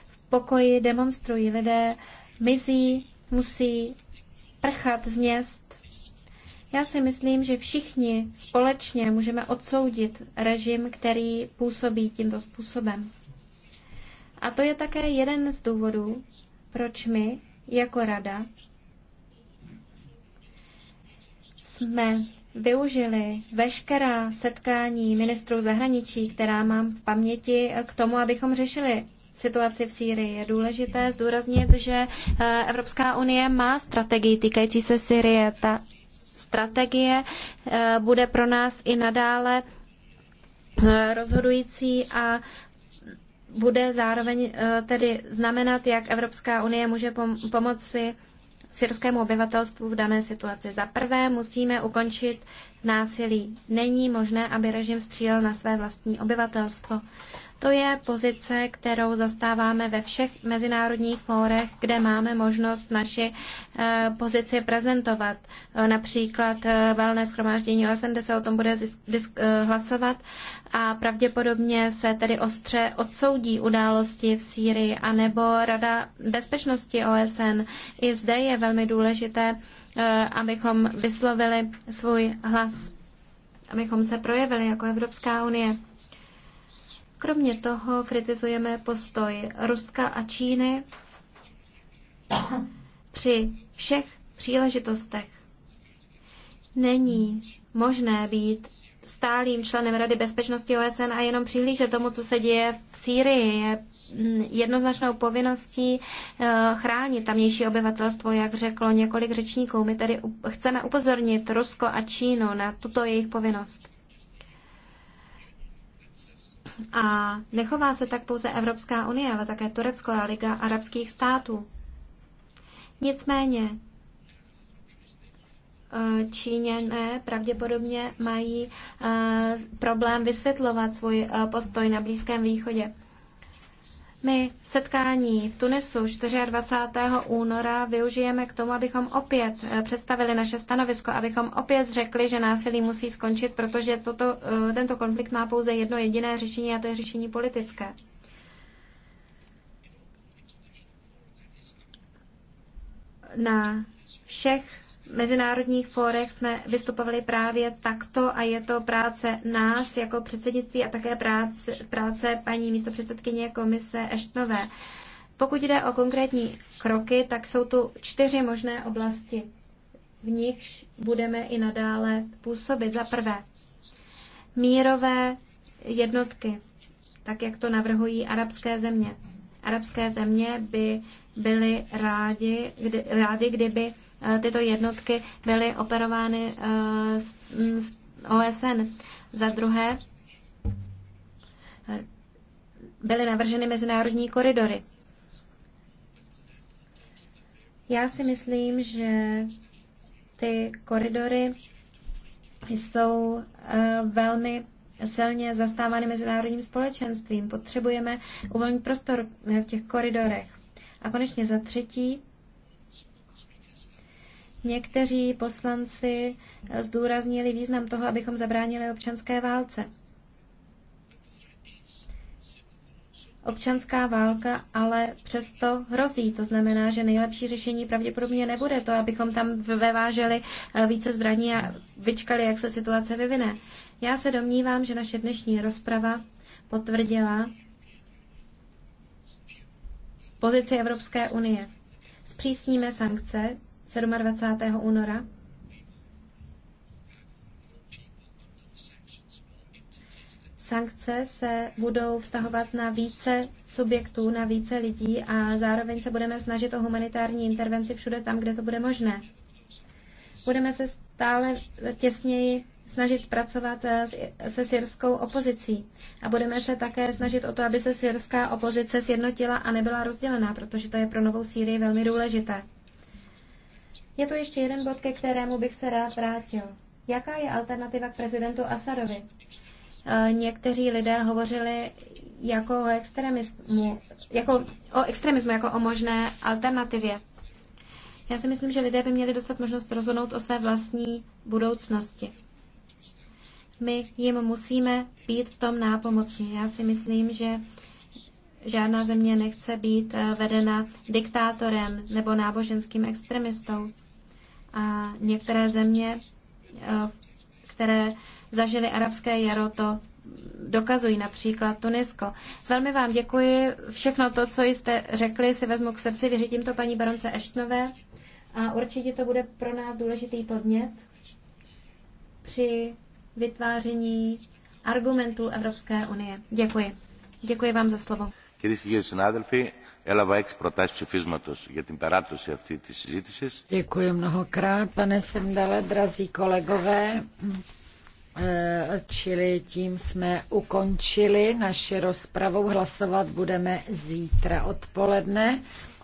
v pokoji demonstrují. Lidé mizí, musí prchat z měst já si myslím, že všichni společně můžeme odsoudit režim, který působí tímto způsobem. A to je také jeden z důvodů, proč my jako rada jsme využili veškerá setkání ministrů zahraničí, která mám v paměti, k tomu, abychom řešili situaci v Sýrii. Je důležité zdůraznit, že eh, Evropská unie má strategii týkající se Syrie. Ta strategie eh, bude pro nás i nadále eh, rozhodující a bude zároveň eh, tedy znamenat, jak Evropská unie může pomoci syrskému obyvatelstvu v dané situaci. Za prvé musíme ukončit násilí. Není možné, aby režim střílel na své vlastní obyvatelstvo. To je pozice, kterou zastáváme ve všech mezinárodních fórech, kde máme možnost naši eh, pozici prezentovat. Například eh, velné schromáždění OSN, kde se o tom bude eh, hlasovat a pravděpodobně se tedy ostře odsoudí události v Sýrii, anebo Rada bezpečnosti OSN. I zde je velmi důležité, abychom vyslovili svůj hlas, abychom se projevili jako Evropská unie. Kromě toho kritizujeme postoj Ruska a Číny při všech příležitostech. Není možné být stálým členem Rady bezpečnosti OSN a jenom přihlížet tomu, co se děje v Sýrii. Je mm, jednoznačnou povinností eh, chránit tamnější obyvatelstvo, jak řeklo několik řečníků. My tedy chceme upozornit Rusko a Čínu na tuto jejich povinnost. A nechová se tak pouze Evropská unie, ale také Turecko a Liga arabských států. Nicméně eh, Číněné pravděpodobně mají eh, problém vysvětlovat svůj eh, postoj na Blízkém východě. My setkání v Tunisu 24. února využijeme k tomu, abychom opět eh, představili naše stanovisko, abychom opět řekli, že násilí musí skončit, protože toto, eh, tento konflikt má pouze jedno jediné řešení a to je řešení politické. Na všech mezinárodních fórech jsme vystupovali právě takto a je to práce nás jako předsednictví a také práce, práce paní místopředsedkyně komise Eštnové. Pokud jde o konkrétní kroky, tak jsou tu čtyři možné oblasti. V nichž budeme i nadále působit. Za prvé, mírové jednotky, tak jak to navrhují arabské země. Arabské země by byly rádi, kdy, rádi, kdyby tyto jednotky byly operovány z eh, mm, OSN. Za druhé eh, byly navrženy mezinárodní koridory. Já si myslím, že ty koridory jsou eh, velmi silně zastávány mezinárodním společenstvím. Potřebujeme uvolnit prostor v těch koridorech. A konečně za třetí, Někteří poslanci zdůraznili význam toho, abychom zabránili občanské válce. Občanská válka ale přesto hrozí. To znamená, že nejlepší řešení pravděpodobně nebude to, abychom tam vyváželi eh, více zbraní a vyčkali, jak se situace vyvine. Já se domnívám, že naše dnešní rozprava potvrdila pozici Evropské unie. Zpřísníme sankce 27. února. Sankce se budou vztahovat na více subjektů, na více lidí a zároveň se budeme snažit o humanitární intervenci všude tam, kde to bude možné. Budeme se stále těsněji snažit pracovat eh, se syrskou opozicí. A budeme se také snažit o to, aby se syrská opozice sjednotila a nebyla rozdělená, protože to je pro novou Sýrii velmi důležité. Je tu ještě jeden bod, ke kterému bych se rád vrátil. Jaká je alternativa k prezidentu Asadovi? Někteří lidé hovořili jako o extremismu, jako o extremismu, jako o možné alternativě. Já si myslím, že lidé by měli dostat možnost rozhodnout o své vlastní budoucnosti. My jim musíme být v tom nápomocní. Já si myslím, že Žádná země nechce být eh, vedena diktátorem nebo náboženským extremistou. A některé země, eh, které zažily arabské jaro, to dokazují například Tunisko. Velmi vám děkuji. Všechno to, co jste řekli, si vezmu k srdci. Vyřídím to paní baronce Eštnové a určitě to bude pro nás důležitý podnět při vytváření argumentů Evropské unie. Děkuji. Děkuji vám za slovo. Děkuji mnohokrát, pane Semdale, drazí kolegové. Čili tím jsme ukončili naši rozpravu. Hlasovat budeme zítra odpoledne.